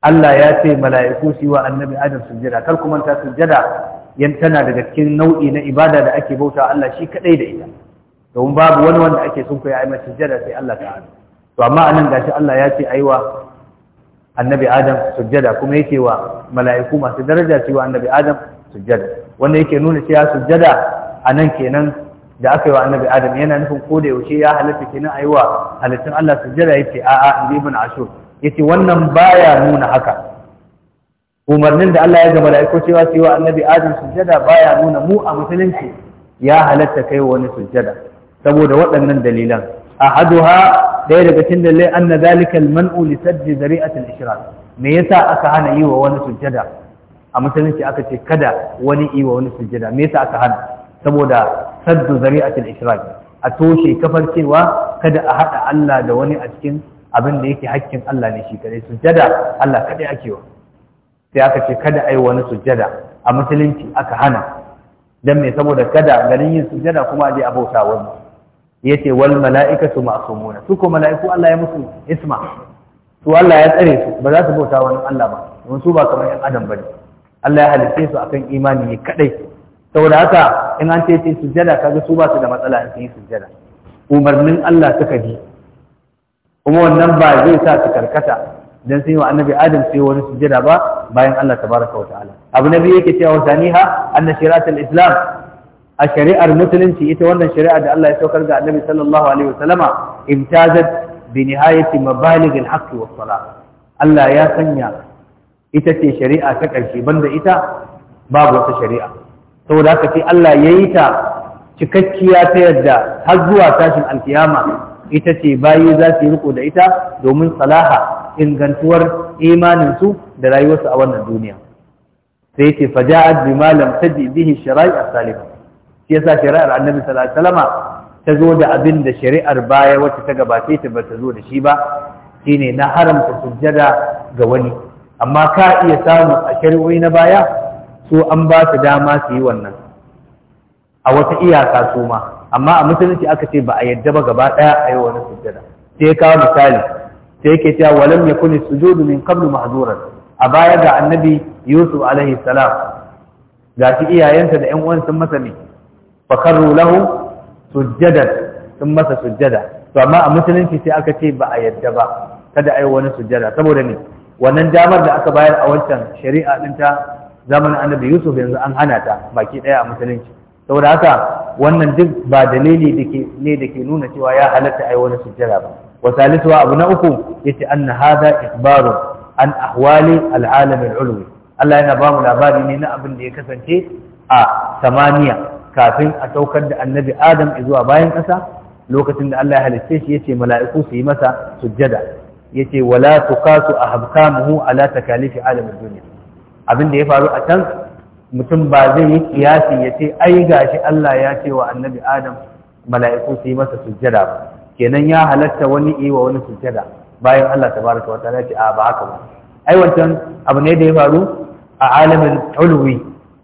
Allah ya ce mala'iku su wa annabi Adam sujjada kar kuma ta sujjada yan tana daga cikin nau'i na ibada da ake bauta Allah shi kadai da ita domin babu wani wanda ake sun koyi aimar sujjada sai Allah ta'ala to amma a nan gashi Allah ya ce aiwa annabi Adam sujjada kuma yake wa mala'iku masu daraja su wa annabi Adam sujjada wanda yake nuna cewa sujjada nan kenan da aka yi wa annabi Adam yana nufin ko da yaushe ya halatta kenan aiwa halittun Allah sujjada yace a'a ibn Ashur yace wannan baya nuna haka umarnin da Allah ya ga mala'iku cewa cewa annabi Adam sujjada baya nuna mu a musulunci ya halatta kai wani sujjada saboda waɗannan dalilan ahaduha daya daga cikin dalilai anna zalika al-man'u li sajdi zari'at al-ishrak me yasa aka hana yi wa wani sujjada a musulunci aka ce kada wani yi wa wani sujjada me yasa aka hana saboda saddu zari'at al-ishrak a toshe kafar cewa kada a hada Allah da wani a cikin abin da yake hakkin Allah ne shi kare sujada, Allah kadai ake wa sai aka ce kada ai wani sujada, a musulunci aka hana dan me saboda kada garin yin sujada kuma je bauta wani yace wal mala'ikatu ma'sumuna su ko mala'iku Allah ya musu isma su Allah ya tsare su ba za su bauta wani Allah ba don su ba kamar yan adam bane Allah ya halitte su akan imani ne kadai saboda haka in an ce sujada kaga su ba su da matsala in su yi sujjada umarnin Allah suka bi kuma wannan ba zai sa su karkata dan sun yi wa annabi adam sai wani sujada ba bayan Allah tabaraka wa ta'ala abu na biyu yake cewa saniha anna shari'atul islam a shari'ar musulunci ita wannan shari'a da Allah ya saukar ga annabi sallallahu alaihi wasallama imtazat bi nihayati mabalig al-haqq was salah Allah ya sanya ita ce shari'a ta karshe banda ita babu wata shari'a saboda haka sai Allah yayi ta cikakkiya ta yadda har zuwa tashin alkiyama ita ce bayi za su yi riko da ita domin salaha ingantuwar imaninsu da rayuwarsu a wannan duniya sai ce faja'at bi Malam ta ji bihi shari'a salima shi yasa shari'ar annabi sallallahu alaihi ta zo da abin da shari'ar baya wacce ta gabace ta ba ta zo da shi ba shine na haramta sujjada ga wani amma ka iya samu a shari'o'i na baya So an ba su dama su yi wannan a wata iyaka su ma amma a musulunci aka ce ba a yadda ba gaba ɗaya a yau wani sujjada sai ya kawo misali sai yake cewa walam yakuni sujudu min qablu mahzuran a baya ga annabi yusuf alaihi salam ga shi iyayensa da ƴan uwan sun masa ne fa karru lahu sujjada sun masa sujjada to amma a musulunci sai aka ce ba a yadda ba kada a yi wani sujjada saboda ne wannan damar da aka bayar a wancan shari'a ɗin ta zamanin annabi yusuf yanzu an hana ta baki ɗaya a musulunci saboda haka wannan duk ba dalili ne da ke nuna cewa ya halatta ai wani sujjada ba wa salisuwa abu na uku yace anna hadha ikbaru an ahwali al'alamin alam ulwi Allah yana ba mu labari ne na abin da ya kasance a samaniya kafin a saukar da annabi Adam zuwa bayan ƙasa lokacin da Allah ya halicce shi yace mala'iku su yi masa sujjada yace wala habka ahkamuhu ala takalifi alam ad-dunya abin da ya faru a can mutum ba zai yi kiyasi ya ce ai gashi Allah ya ce wa annabi Adam mala'iku su yi masa sujjada ba kenan ya halatta wani yi wa wani sujjada bayan Allah tabaraka wa ta'ala ce a ba haka ba ai wancan abu ne da ya faru a alamin ulwi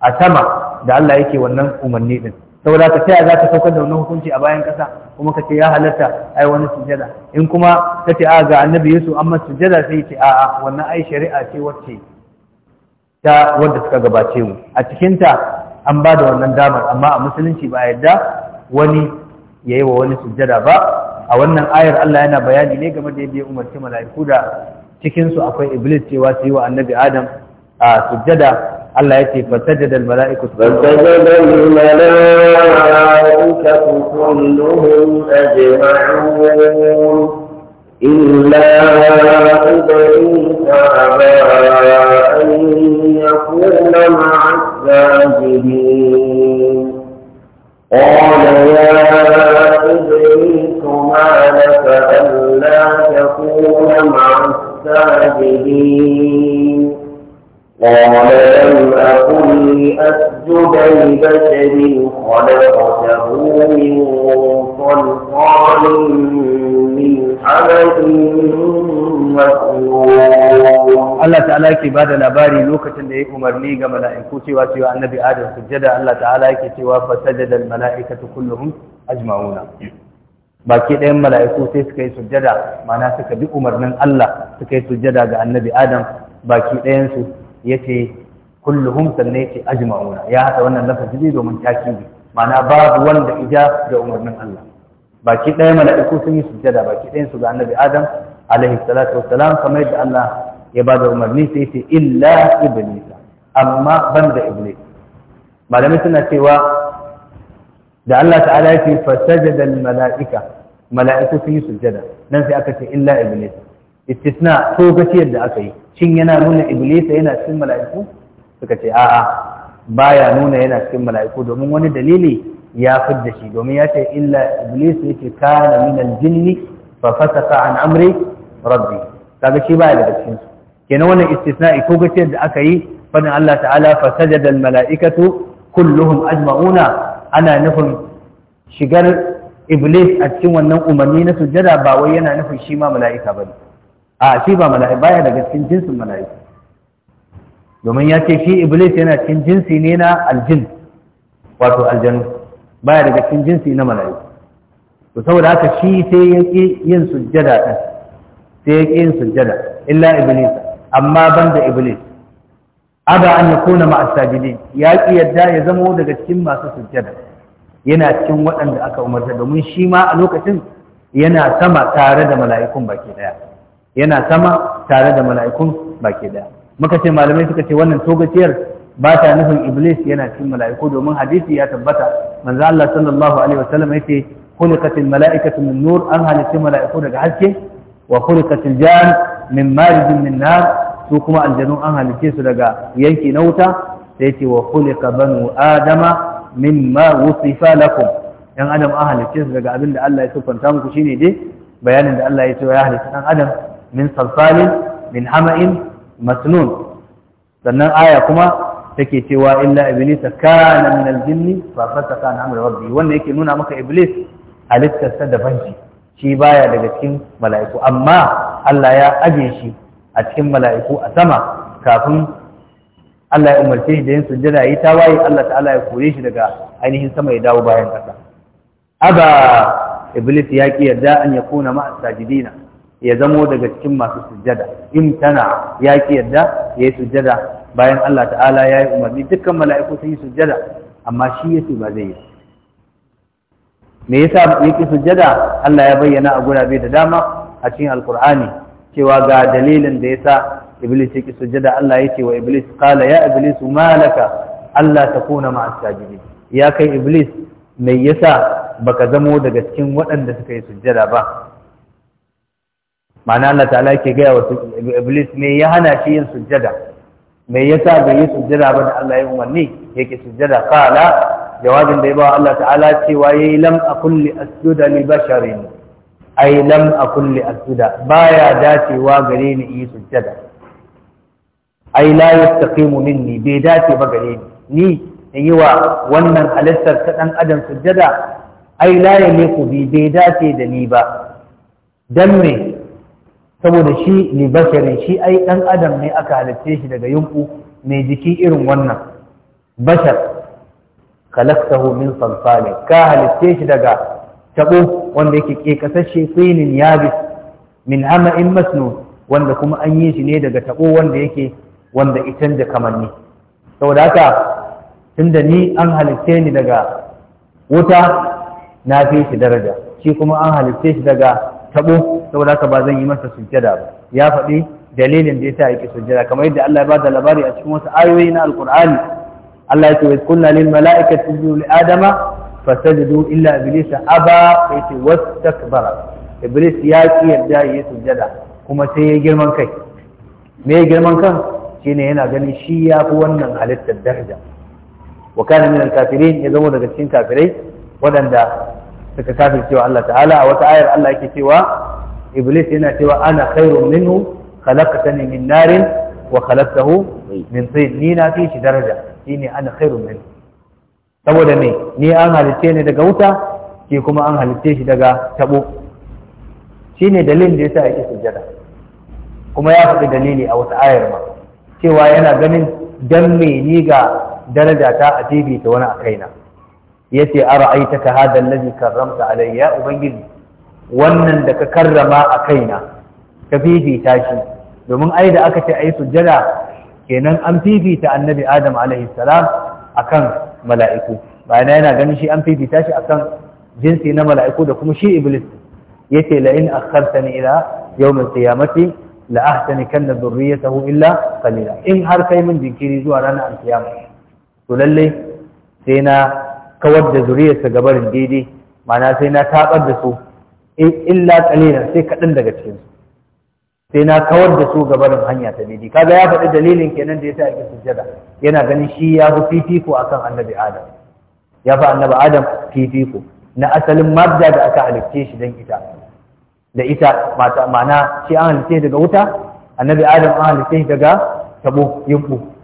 a sama da Allah yake wannan umarni din saboda ka taya za ta saukar da wannan hukunci a bayan kasa kuma ka ce ya halatta ai wani sujjada in kuma ka ce a ga annabi Yusuf amma sujjada sai ce a'a wannan ai shari'a ce wacce ta wadda suka gabace mu a cikinta an ba da wannan damar amma a musulunci ba yadda wani ya yi wa wani sujjada ba a wannan ayar Allah yana bayani ne game da yadda ya umarci mala'iku da cikinsu akwai iblis cewa su yi wa annabi adam a sujjada Allah ya ce fasajjad al-mala'iku fasajjad
al-mala'iku kulluhum ajma'un إلا إبليس أبى أن يكون مع الساجدين
قال يا
إبليس ما لك ألا تكون مع الساجدين قال لم أكن لأسجد لبشر خلقته من صلصال Allah
ta'ala yake ba da labari lokacin da ya umarni ga mala'iku cewa cewa annabi Adam sujjada Allah ta'ala yake cewa fasajada al-mala'ikatu kulluhum ajma'una baki ɗayan mala'iku sai suka yi sujjada mana suka bi umarnin Allah suka yi sujjada ga annabi Adam baki ɗayan su yace kulluhum sannan yace ajma'una ya haɗa wannan lafazi domin takibi mana babu wanda ija ga umarnin Allah baki ɗaya mala'iku sun yi sujjada baki ɗayan su ga annabi adam alaihi salatu wa salam kamar yadda Allah ya ba da umarni sai ce illa iblis amma ban da iblis malamai suna cewa da Allah ta'ala ya ce fasajada al mala'ika mala'iku sun yi sujjada nan sai aka ce illa iblis istisna ko gaciyar yadda aka yi shin yana nuna iblis yana cikin mala'iku suka ce a'a baya nuna yana cikin mala'iku domin wani dalili ya fidda shi domin ya ce illa iblis yake kana min aljinni fa fasaka an amri rabbi kaga shi baya daga cikin su kenan wannan istisna'i ko gace da aka yi fadin Allah ta'ala fa sajada al mala'ikatu kulluhum ajma'una ana nufin shigar iblis a cikin wannan umarni na sujjada ba wai yana nufin shi ma mala'ika bane a shi ba mala'ika baya daga cikin jinsin mala'ika domin ya ce shi iblis yana cikin jinsi ne na aljin wato aljanu baya daga cikin jinsi na mala'iku to saboda haka shi sai ya yin sujjada din sai ya yin sujjada illa iblis amma banda iblis
aba an yakuna ma'a
sajidin ya ki yadda ya zama daga cikin masu sujjada yana cikin waɗanda aka umarta domin shi ma a lokacin yana sama tare da mala'ikun baki ɗaya yana sama tare da mala'ikun baki ɗaya muka ce malamai suka ce wannan togaciyar ba ta nufin iblis yana cikin mala'iku domin hadisi ya tabbata manzo Allah sallallahu alaihi wasallam yace khuliqatil mala'ikatu min nur an halitta mala'iku daga haske wa khuliqatil jan min marijin min nar su kuma aljanu an halitta su daga yanki na wuta sai yace wa khuliqa banu adama mimma wusifa lakum yan adam an halitta su daga abin da Allah ya sufanta muku shine dai bayanin da Allah ya ce ya halitta dan adam min salsalin min hama'in masnun sannan aya kuma take cewa illa iblis kana min aljinni fa fasaka an amri rabbi wannan yake nuna maka iblis halittar sa da banci shi baya daga cikin mala'iku amma Allah ya aje shi a cikin mala'iku a sama kafin Allah ya umarce shi da yin sujjada yi tawaye Allah ta'ala ya kore shi daga ainihin sama ya dawo bayan kasa aba iblis ya ki yarda an ya kuna ma sajidina ya zamo daga cikin masu sujjada in tana ya ki yarda yayi sujada. bayan Allah ta'ala ya yi umarni dukkan mala'iku sun yi sujjada amma shi yace ba zai yi me yasa yake sujjada Allah ya bayyana a gurabe da dama a cikin alkur'ani cewa ga dalilin da yasa iblis yake sujjada Allah yace wa iblis qala ya iblis ma Allah ta takuna ma'as sajidin ya kai iblis me yasa baka zamo daga cikin waɗanda suka yi sujjada ba ma'ana Allah ta'ala yake ga wa iblis me ya hana shi yin sujjada me yasa bai yi sujjada ba da Allah ya umarni yake sujjada kala jawabin da ya ba Allah ta'ala cewa yayi lam akun asjuda li basharin ai lam akun asjuda baya dacewa gare ni yi sujjada ai la yastaqimu minni bai dace ba gare ni ni in yi wa wannan halittar ta ɗan adam sujjada ai la ne ku bi bai dace da ni ba don me saboda shi libasharin shi ai ɗan adam ne aka halitte shi daga yunku mai jiki irin wannan bashar kalaktahu min salsalin ka halitte shi daga tabo wanda yake kasashe tsinin yabis min hama'in masnu wanda kuma an yi shi ne daga tabo wanda yake wanda itan da kamanni saboda haka tunda ni an halitte ni daga wuta na fi shi daraja shi kuma an halitte shi daga tabo saboda haka ba zan yi masa sujjada ba ya faɗi dalilin da ya sa yake sujjada kamar yadda Allah ya bada labari a cikin wasu ayoyi na alkur'ani Allah yake wa kunna lil mala'ikati sujudu li adama fasajadu illa iblis aba yace wastakbara iblis ya ki yadda ya sujjada kuma sai ya girman kai me girman kan shine yana ganin shi ya fi wannan halittar daraja wa kana min al-kafirin ya zama daga cikin kafirai waɗanda suka cewa Allah ta'ala a wata ayar Allah yake cewa iblis yana cewa ana khairun minhu khalaqtani min narin wa khalaqtahu min tin ni na fi shi daraja shine ana khairun minhu saboda me ni an halitte ne daga wuta ke kuma an halitte shi daga tabo shine dalilin da yasa yake sujjada kuma ya faɗi dalili a wata ayar ma cewa yana ganin dan me ni ga daraja ta a ta wani a kaina yace ara'aitaka hadha allazi karramta alayya ubangiji wannan da ka karrama a kaina ka fifita shi domin ai da aka ce ai sujjada kenan an fifita annabi adam alayhi salam akan mala'iku bayan yana ganin shi an fifita shi akan jinsi na mala'iku da kuma shi iblis yace la in akhartani ila yawm al-qiyamati la ya sahu illa qalila in har kai min jinkiri zuwa ranar al to lalle sai na kawar da zuriyarsa ga daidai ma'ana sai na taɓar da su illa ƙalilan sai kaɗan daga cikin sai na kawar da su ga barin hanya ta daidai kaga ya faɗi dalilin kenan da ya yasa ake sujjada yana ganin shi ya fi fifiko akan annabi adam ya fi annabi adam fifiko na asalin madda da aka halicce shi don ita da ita mata ma'ana shi an halicce daga wuta annabi adam an halicce daga tabo yumbu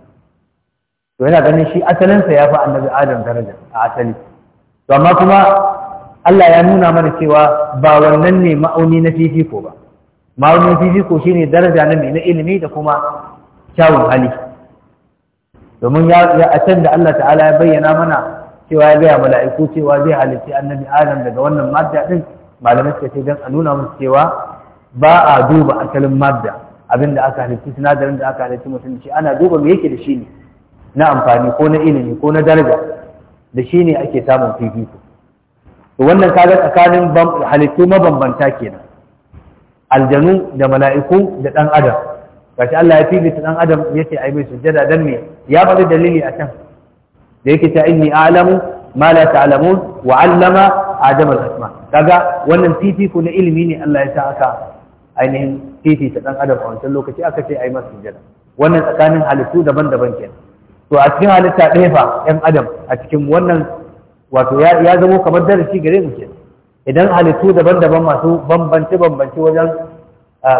to yana ganin shi asalinsa ya fi annabi adam daraja a asali to amma kuma Allah ya nuna mana cewa ba wannan ne ma'auni na fifiko ba ma'aunin fifiko ne daraja na mai na ilimi da kuma kyawun hali domin ya a can da Allah ta'ala ya bayyana mana cewa ya gaya mala'iku cewa zai halitti annabi adam daga wannan madda din malamai suka ce don a nuna musu cewa ba a duba asalin madda abinda aka halitti sinadarin da aka halitti mutum da shi ana duba me yake da shi ne na amfani ko na ilimi ko na daraja da shi ne ake samun fifiko to wannan kaga tsakanin halittu mabambanta kenan aljanu da mala'iku da dan adam gashi Allah ya fifita dan adam yace ai mai sujjada dan me ya faɗi dalili a can da yake ta inni a'lamu ma la ta'lamun wa 'allama adam al-asma kaga wannan fifiko na ilimi ne Allah ya sa aka ainihin fifita dan adam a wancan lokaci aka ce ai masa sujjada wannan tsakanin halittu daban-daban kenan to a cikin halitta ɗaya fa ɗan adam a cikin wannan wato ya zamo kamar darasi gare mu ke idan halittu daban-daban masu bambance-bambance wajen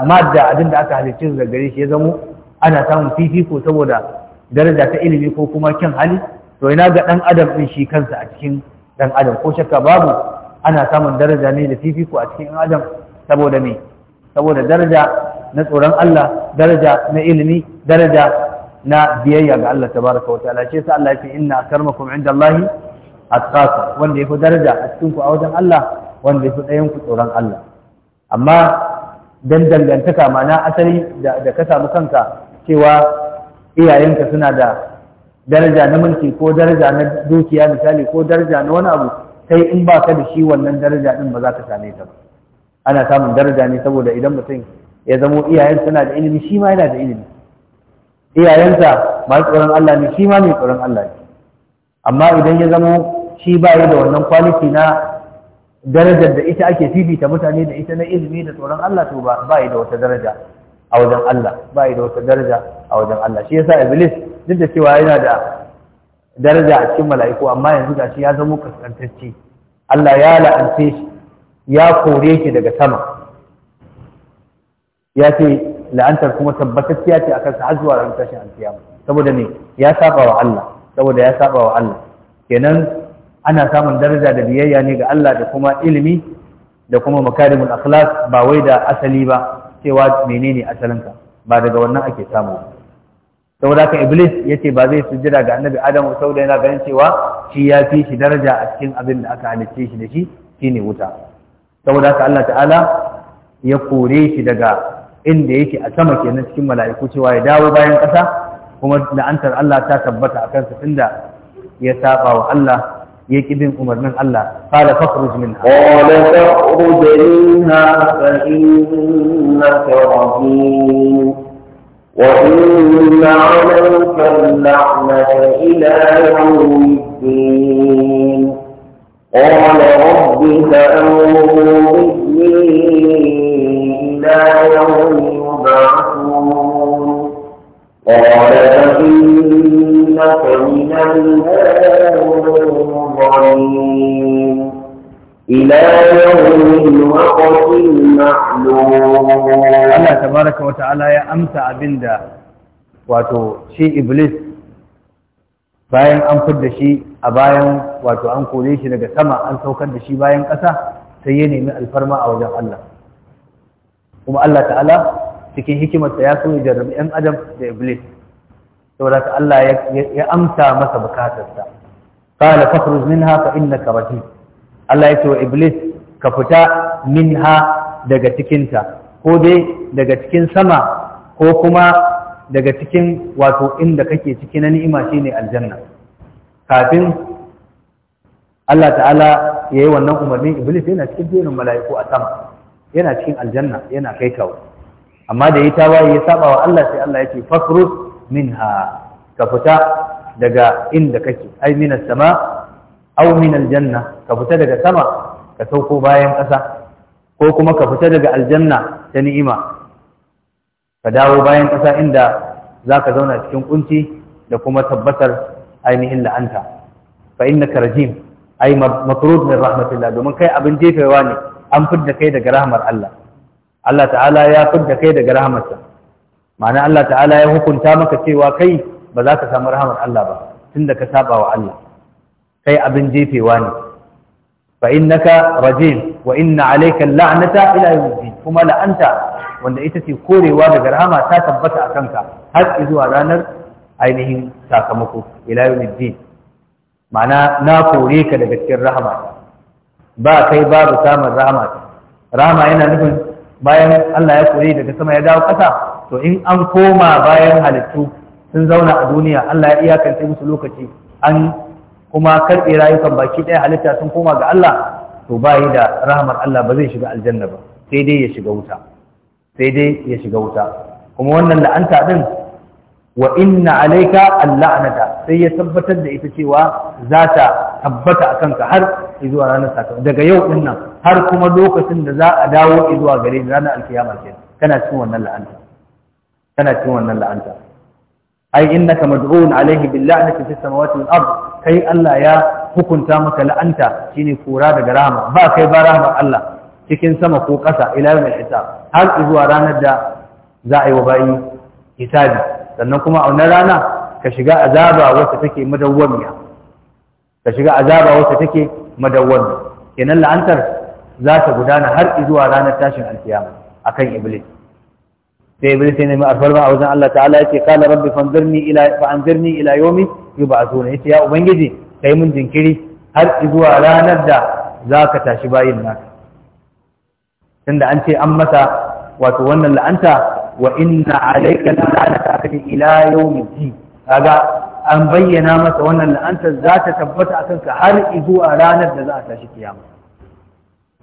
madda abin da aka halittu da gare shi ya zamo ana samun fifiko saboda daraja ta ilimi ko kuma kyan hali to ina ga ɗan adam ɗin shi kansa a cikin ɗan adam ko shakka babu ana samun daraja ne da fifiko a cikin ɗan adam saboda me saboda daraja na tsoron Allah daraja na ilimi daraja na biyayya ga Allah tabaraka wa ta'ala shi yasa Allah ya ce inna akramakum indallahi atqakum wanda yafi daraja a cikin ku a wajen Allah wanda yafi ɗayan ku tsoron Allah amma dan dangantaka mana asali da ka samu kanka cewa iyayenka suna da daraja na mulki ko daraja na dukiya misali ko daraja na wani abu sai in ba ka da shi wannan daraja din ba za ka same ta ba ana samun daraja ne saboda idan mutum ya zamo iyayen suna da ilimi shi ma yana da ilimi iyayensa masu tsoron Allah ne shi ma mai tsoron Allah ne amma idan ya zamo shi ba yi da wannan kwaliti na darajar da ita ake fifita mutane da ita na ilimi da tsoron Allah to ba ba da wata daraja a wajen Allah ba yi da wata daraja a wajen Allah shi yasa iblis duk da cewa yana da daraja a cikin mala'iku amma yanzu gashi ya zamo kaskantacce Allah ya la'ance shi ya kore shi daga sama ya ce la'antar kuma tabbatacciya ce akan sa har zuwa ran tashin alkiyama saboda ne ya saba wa Allah saboda ya saba wa Allah kenan ana samun daraja da biyayya ne ga Allah da kuma ilimi da kuma makarimul aklas ba wai da asali ba cewa menene asalinka ba daga wannan ake samu saboda ka iblis yace ba zai sujjada ga annabi adam saboda yana ganin cewa shi ya fi shi daraja a cikin abin da aka halicce shi da shi shine wuta saboda ka Allah ta'ala ya kore shi daga inda yake a sama kenan cikin mala'iku cewa ya dawo bayan ƙasa kuma la'antar Allah ta tabbata a kansa tunda ya saba wa Allah ya ƙi bin umarnin Allah qala fakhruj minha qala fakhruj minha
fa innaka rajim wa inna 'alayka lanata ila yawm الدين قال رب إلى يوم يبعثون قال فإنك من المنظرين إلى يوم الوقت المعلوم
الله تبارك وتعالى يا wato shi iblis bayan an fidda shi a bayan wato an kore shi daga sama an saukar da shi bayan ƙasa sai ya nemi alfarma a wajen Allah kuma Allah ta'ala cikin hikimarsa ya so ya jarrabi ɗan adam da iblis saboda ka Allah ya amsa masa bukatarsa qala fakhruj minha fa innaka rajim Allah ya ce wa iblis ka fita minha daga cikinta ko dai daga cikin sama ko kuma daga cikin wato inda kake ciki na ni'ima shine aljanna kafin Allah ta'ala yi wannan umarnin iblis yana cikin jerin mala'iku a sama yana cikin aljanna yana kai kawo amma da ya tawaye ya saba wa Allah sai Allah ya ce fasrud minha ka fita daga inda kake ai min sama aw min aljanna ka fita daga sama ka sauko bayan ƙasa ko kuma ka fita daga aljanna ta ni'ima ka dawo bayan ƙasa inda zaka zauna cikin kunci da kuma tabbatar ainihin la'anta fa innaka rajim ai matrud min rahmatillah domin kai abin jefewa ne an fidda kai daga rahamar Allah Allah ta'ala ya fidda kai daga rahamarsa ma'ana Allah ta'ala ya hukunta maka cewa kai ba za ka samu rahamar Allah ba tunda ka saba wa Allah kai abin jefewa ne fa innaka rajim wa inna alayka la'nata ila yawmiddin kuma la'anta wanda ita ce korewa daga rahama ta tabbata a kanka har zuwa ranar ainihin sakamako ila yawmiddin ma'ana na kore ka daga cikin rahama ba kai babu samun ta. rahama yana nufin bayan Allah ya kore daga sama ya dawo ƙasa to in an koma bayan halittu sun zauna a duniya Allah ya iyakance musu lokaci an kuma karɓe rayukan baki ɗaya halitta sun koma ga Allah to yi da rahamar Allah ba zai shiga aljanna ba sai dai ya shiga wuta sai dai ya shiga wuta kuma wannan la'anta din wa inna alayka alla'nata sai ya tabbatar da ita cewa za ta tabbata a kanka har izuwa ranar sakamako daga yau din nan har kuma lokacin da za a dawo izuwa gare ni ranar alkiyama ke kana cikin wannan la'anta kana cikin wannan la'anta ai innaka mad'un alaihi bil la'nati fis samawati wal ard kai Allah ya hukunta maka la'anta shine kura daga rahama ba kai ba rahama Allah cikin sama ko ƙasa ila yawmil hisab har izuwa ranar da za a yi wa bayi hisabi sannan kuma a wannan rana ka shiga azaba wacce take madawwamiya ka shiga azaba wacce take madawwar kenan la'antar za ta gudana har zuwa ranar tashin alkiyama akan iblis sai iblis ne mai alfarma a wajen Allah ta'ala yace qala rabbi fanzirni ila fanzirni ila yawmi yub'athuna yace ya ubangiji kai mun jinkiri har zuwa ranar da ka tashi bayin naka tunda an ce an masa wato wannan la'anta wa inna alayka la'anata ila yawmi kaga an bayyana masa wannan la'antar za ta tabbata a kanka har zuwa ranar da za a tashi kiyama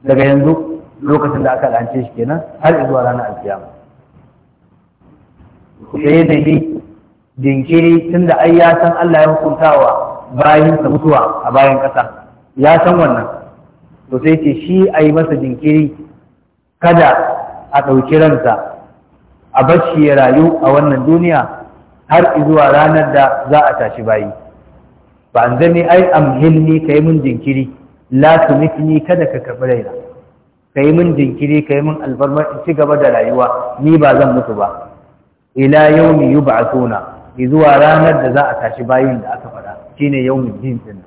daga yanzu lokacin da aka la'ance shi kenan har zuwa ranar alkiyama sai da yi jinkiri tun da ai ya san Allah ya hukuntawa bayan sa mutuwa a bayan ƙasa ya san wannan to sai ce shi a yi masa jinkiri kada a ɗauki ransa a bacci ya rayu a wannan duniya har zuwa ranar da za a tashi bayi ba an zame ai amhilni ka yi mun jinkiri la tumitni kada ka karɓi raina ka yi mun jinkiri ka yi mun albarmar in ci gaba da rayuwa ni ba zan mutu ba ila yaumi yub'atuna zuwa ranar da za a tashi bayin da aka faɗa shine yaumin din din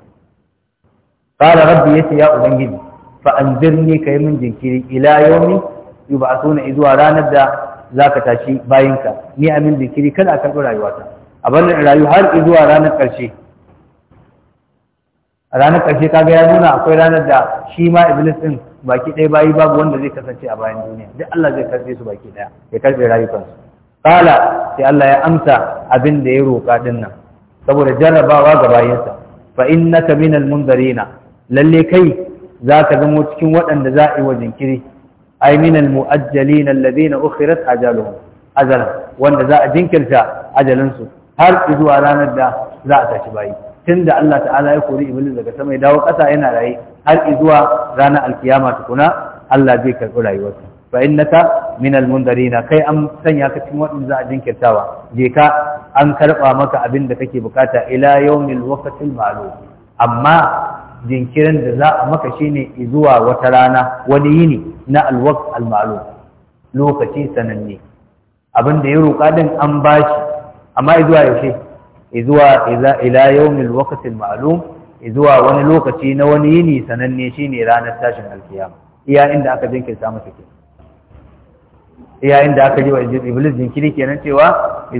qala rabbi yace ya ubangiji fa anzirni ka yi mun jinkiri ila yaumi yub'atuna zuwa ranar da za ka tashi bayinka. ni amin zikiri kada a karɓi rayuwata a bar rayu har zuwa ranar ƙarshe a ranar ƙarshe kaga ya nuna akwai ranar da shi ma iblis ɗin baki ɗaya bayi babu wanda zai kasance a bayan duniya duk Allah zai karɓe su baki ɗaya ya karɓe rayukansu kala sai Allah ya amsa abin da ya roƙa ɗin nan saboda jarrabawa ga bayansa fa innaka minal munzarina lalle kai za ka zamo cikin waɗanda za a yi wa jinkiri ay min almuajjalin alladhina ukhirat ajaluhum ajalan wanda za a jinkirta ajalin su har zuwa ranar da za a tashi bayi tunda Allah ta'ala ya kori iblis daga sama ya dawo ƙasa yana raye har zuwa ranar alkiyama tukuna Allah zai karɓi rayuwarsa fa innaka min almundarina kai an sanya ka cikin waɗanda za a jinkirtawa je ka an karɓa maka abin da kake bukata ila yawmil waqtil ma'lum amma jinkirin da za a maka shine zuwa wata rana wani yini na alwaq almalum lokaci sananne abin da ya roƙa din an bashi amma zuwa yaushe zuwa ila yawmil waqtil ma'lum zuwa wani lokaci na wani yini sananne shine ranar tashin alkiyama iya inda aka jinkirta masa ke iya inda aka ji wa iblis jinkiri kenan cewa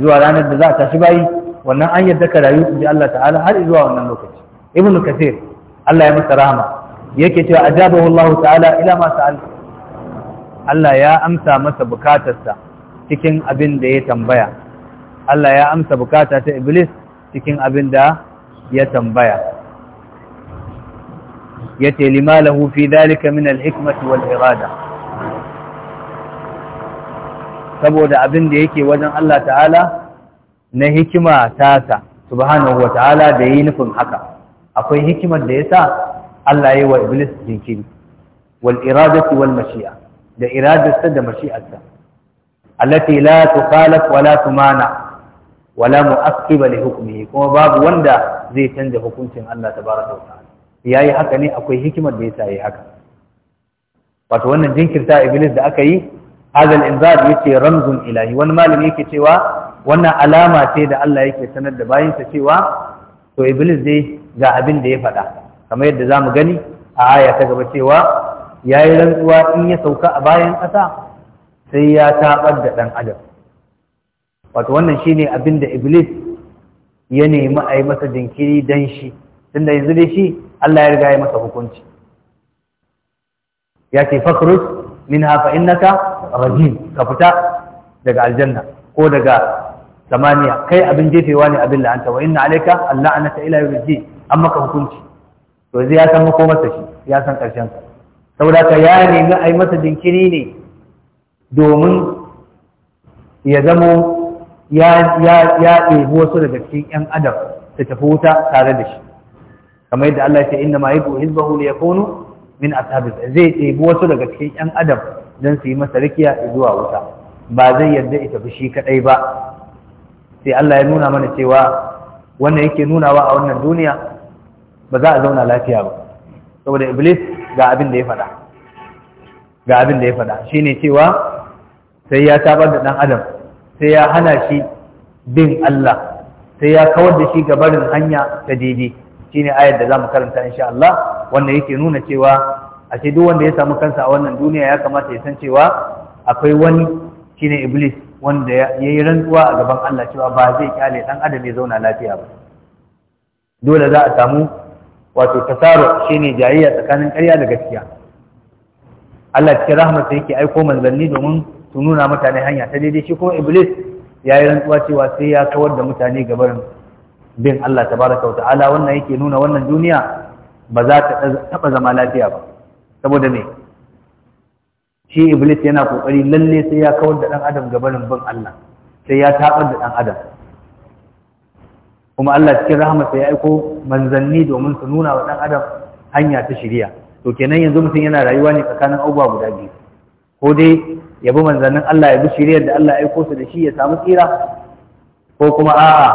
zuwa ranar da za a tashi bayi wannan an yadda ka rayu in ji Allah ta'ala har zuwa wannan lokaci ibnu kathir Allah ya masa rahama yake cewa ajabahu Allah ta'ala ila ma sa'al Allah ya amsa masa bukatarsa cikin abin da ya tambaya Allah ya amsa bukata ta iblis cikin abin da ya tambaya yace lima lahu fi dhalika min al-hikmati wal irada saboda abin da yake wajen Allah ta'ala na hikima ta tasa subhanahu wa ta'ala da yi nufin haka akwai hikimar da yasa Allah ya yi wa iblis jinkiri wal iradatu wal mashi'a da iradarsa da mashi'arsa allati la tukhalaf wala tumana wala mu'aqqiba li hukmihi kuma babu wanda zai canza hukuncin Allah tabaraka wa ta'ala yayi haka ne akwai hikimar da yasa yayi haka wato wannan jinkirta iblis da aka yi hadal inzar yace ramzun ilahi wani malami yake cewa wannan alama ce da Allah yake sanar da bayinsa cewa to iblis dai ga abin da ya faɗa kamar yadda za mu gani a aya ta gaba cewa ya yi rantsuwa in ya sauka a bayan ƙasa sai ya taɓar da ɗan adam wato wannan shi ne abin da iblis ya nemi a yi masa jinkiri don shi tun da yanzu dai shi allah ya riga ya masa hukunci ya ce fakrus min hafa innaka rajim ka fita daga aljanna ko daga samaniya kai abin jefewa ne abin la'anta wa inna alaika alla'anata ila yawmiddin an maka hukunci to zai ya san masa shi ya san ƙarshen ka saboda ka ya nemi a yi masa jinkiri ne domin ya zamo ya ɗebi wasu daga cikin 'yan adam ta tafi wuta tare da shi kamar yadda Allah ya ce inna ma yadu hizbahu li yakunu min ashabiz zai ɗebi wasu daga cikin 'yan adam don su yi masa rikiya zuwa wuta ba zai yarda ita fi shi kadai ba sai Allah ya nuna mana cewa wannan yake nunawa a wannan duniya ba za a zauna lafiya ba saboda iblis ga abin da ya faɗa ga abin da ya shine cewa sai ya tabar da ɗan adam sai ya hana shi bin Allah sai ya kawar da shi ga barin hanya ta daidai shine ayar da mu karanta insha Allah wannan yake nuna cewa a ce duk wanda ya samu kansa a wannan duniya ya kamata ya san cewa akwai wani shine iblis wanda ya yi rantsuwa a gaban Allah cewa ba zai kyale dan adam ya zauna lafiya ba dole za a samu wato tasaru shine jayayya tsakanin karya da gaskiya Allah cikin rahmatsa yake aiko manzanni domin su nuna mutane hanya ta daidai shi kuma iblis ya yi rantsuwa cewa sai ya kawar da mutane gabarin bin Allah baraka wa ta'ala wannan yake nuna wannan duniya ba za ta taɓa zama lafiya ba saboda me shi iblis yana kokari lalle sai ya kawar da ɗan adam gabarin bin Allah sai ya taɓar da ɗan adam kuma Allah cikin rahamarsa ya aiko manzanni domin su nuna wa ɗan adam hanya ta shirya to kenan yanzu mutum yana rayuwa ne tsakanin abubuwa guda biyu ko dai ya bi manzannin Allah ya bi shiryar da Allah ya aiko su da shi ya samu tsira ko kuma a'a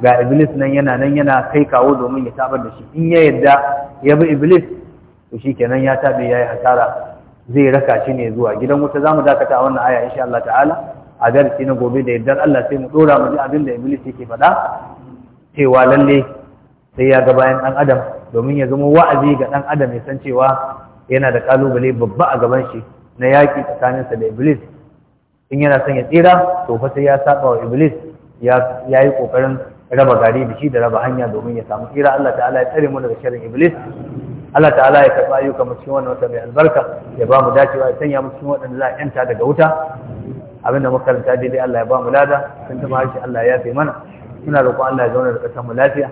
ga iblis nan yana nan yana kai kawo domin ya tabar da shi in ya yarda ya bi iblis to shi kenan ya tabe ya yi hasara zai raka shi ne zuwa gidan wuta za mu dakata a wannan aya insha Allah ta'ala a darasi na gobe da yardar Allah sai mu dora mu ji abin da iblis yake faɗa cewa lalle sai ya ga bayan ɗan adam domin ya zama wa'azi ga ɗan adam ya san cewa yana da ƙalubale babba a gaban shi na yaƙi tsakaninsa da iblis in yana son ya tsira to fa sai ya saba wa iblis ya yi ƙoƙarin raba gari da shi da raba hanya domin ya samu tsira Allah ta'ala ya tsare mu daga shirin iblis
Allah ta'ala ya karɓa ayyuka
mu cikin wannan wata mai albarka ya ba mu dacewa ya sanya mu cikin waɗanda za a yanta daga wuta abinda muka karanta daidai Allah ya ba mu lada sun taɓa harshe Allah ya fi mana muna roƙon Allah ya zauna da ƙasar mu lafiya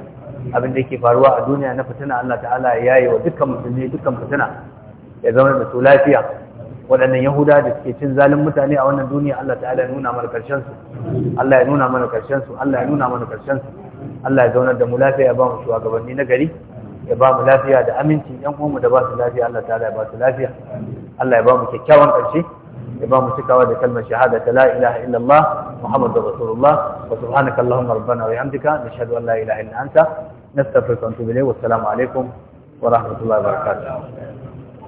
abin da yake faruwa a duniya na fitina Allah ta'ala ya yaye wa dukkan musulmi dukkan fitina ya zauna da su lafiya waɗannan yahuda da suke cin zalin mutane a wannan duniya Allah ta'ala ya nuna mana ƙarshen su Allah ya nuna mana ƙarshen su Allah ya nuna mana karshen su Allah ya zauna da mu lafiya ya ba mu shugabanni na gari ya ba mu lafiya da aminci yan uwanmu da ba su lafiya Allah ta'ala ya ba su lafiya Allah ya ba mu kyakkyawan ƙarshe ya ba mu cikawa da shahada ta la ilaha illallah muhammadur rasulullah wa subhanaka allahumma rabbana wa bihamdika nashhadu an la
ilaha illa anta nastaghfiruka wa natubu ilayk wa alaikum wa rahmatullahi wa barakatuh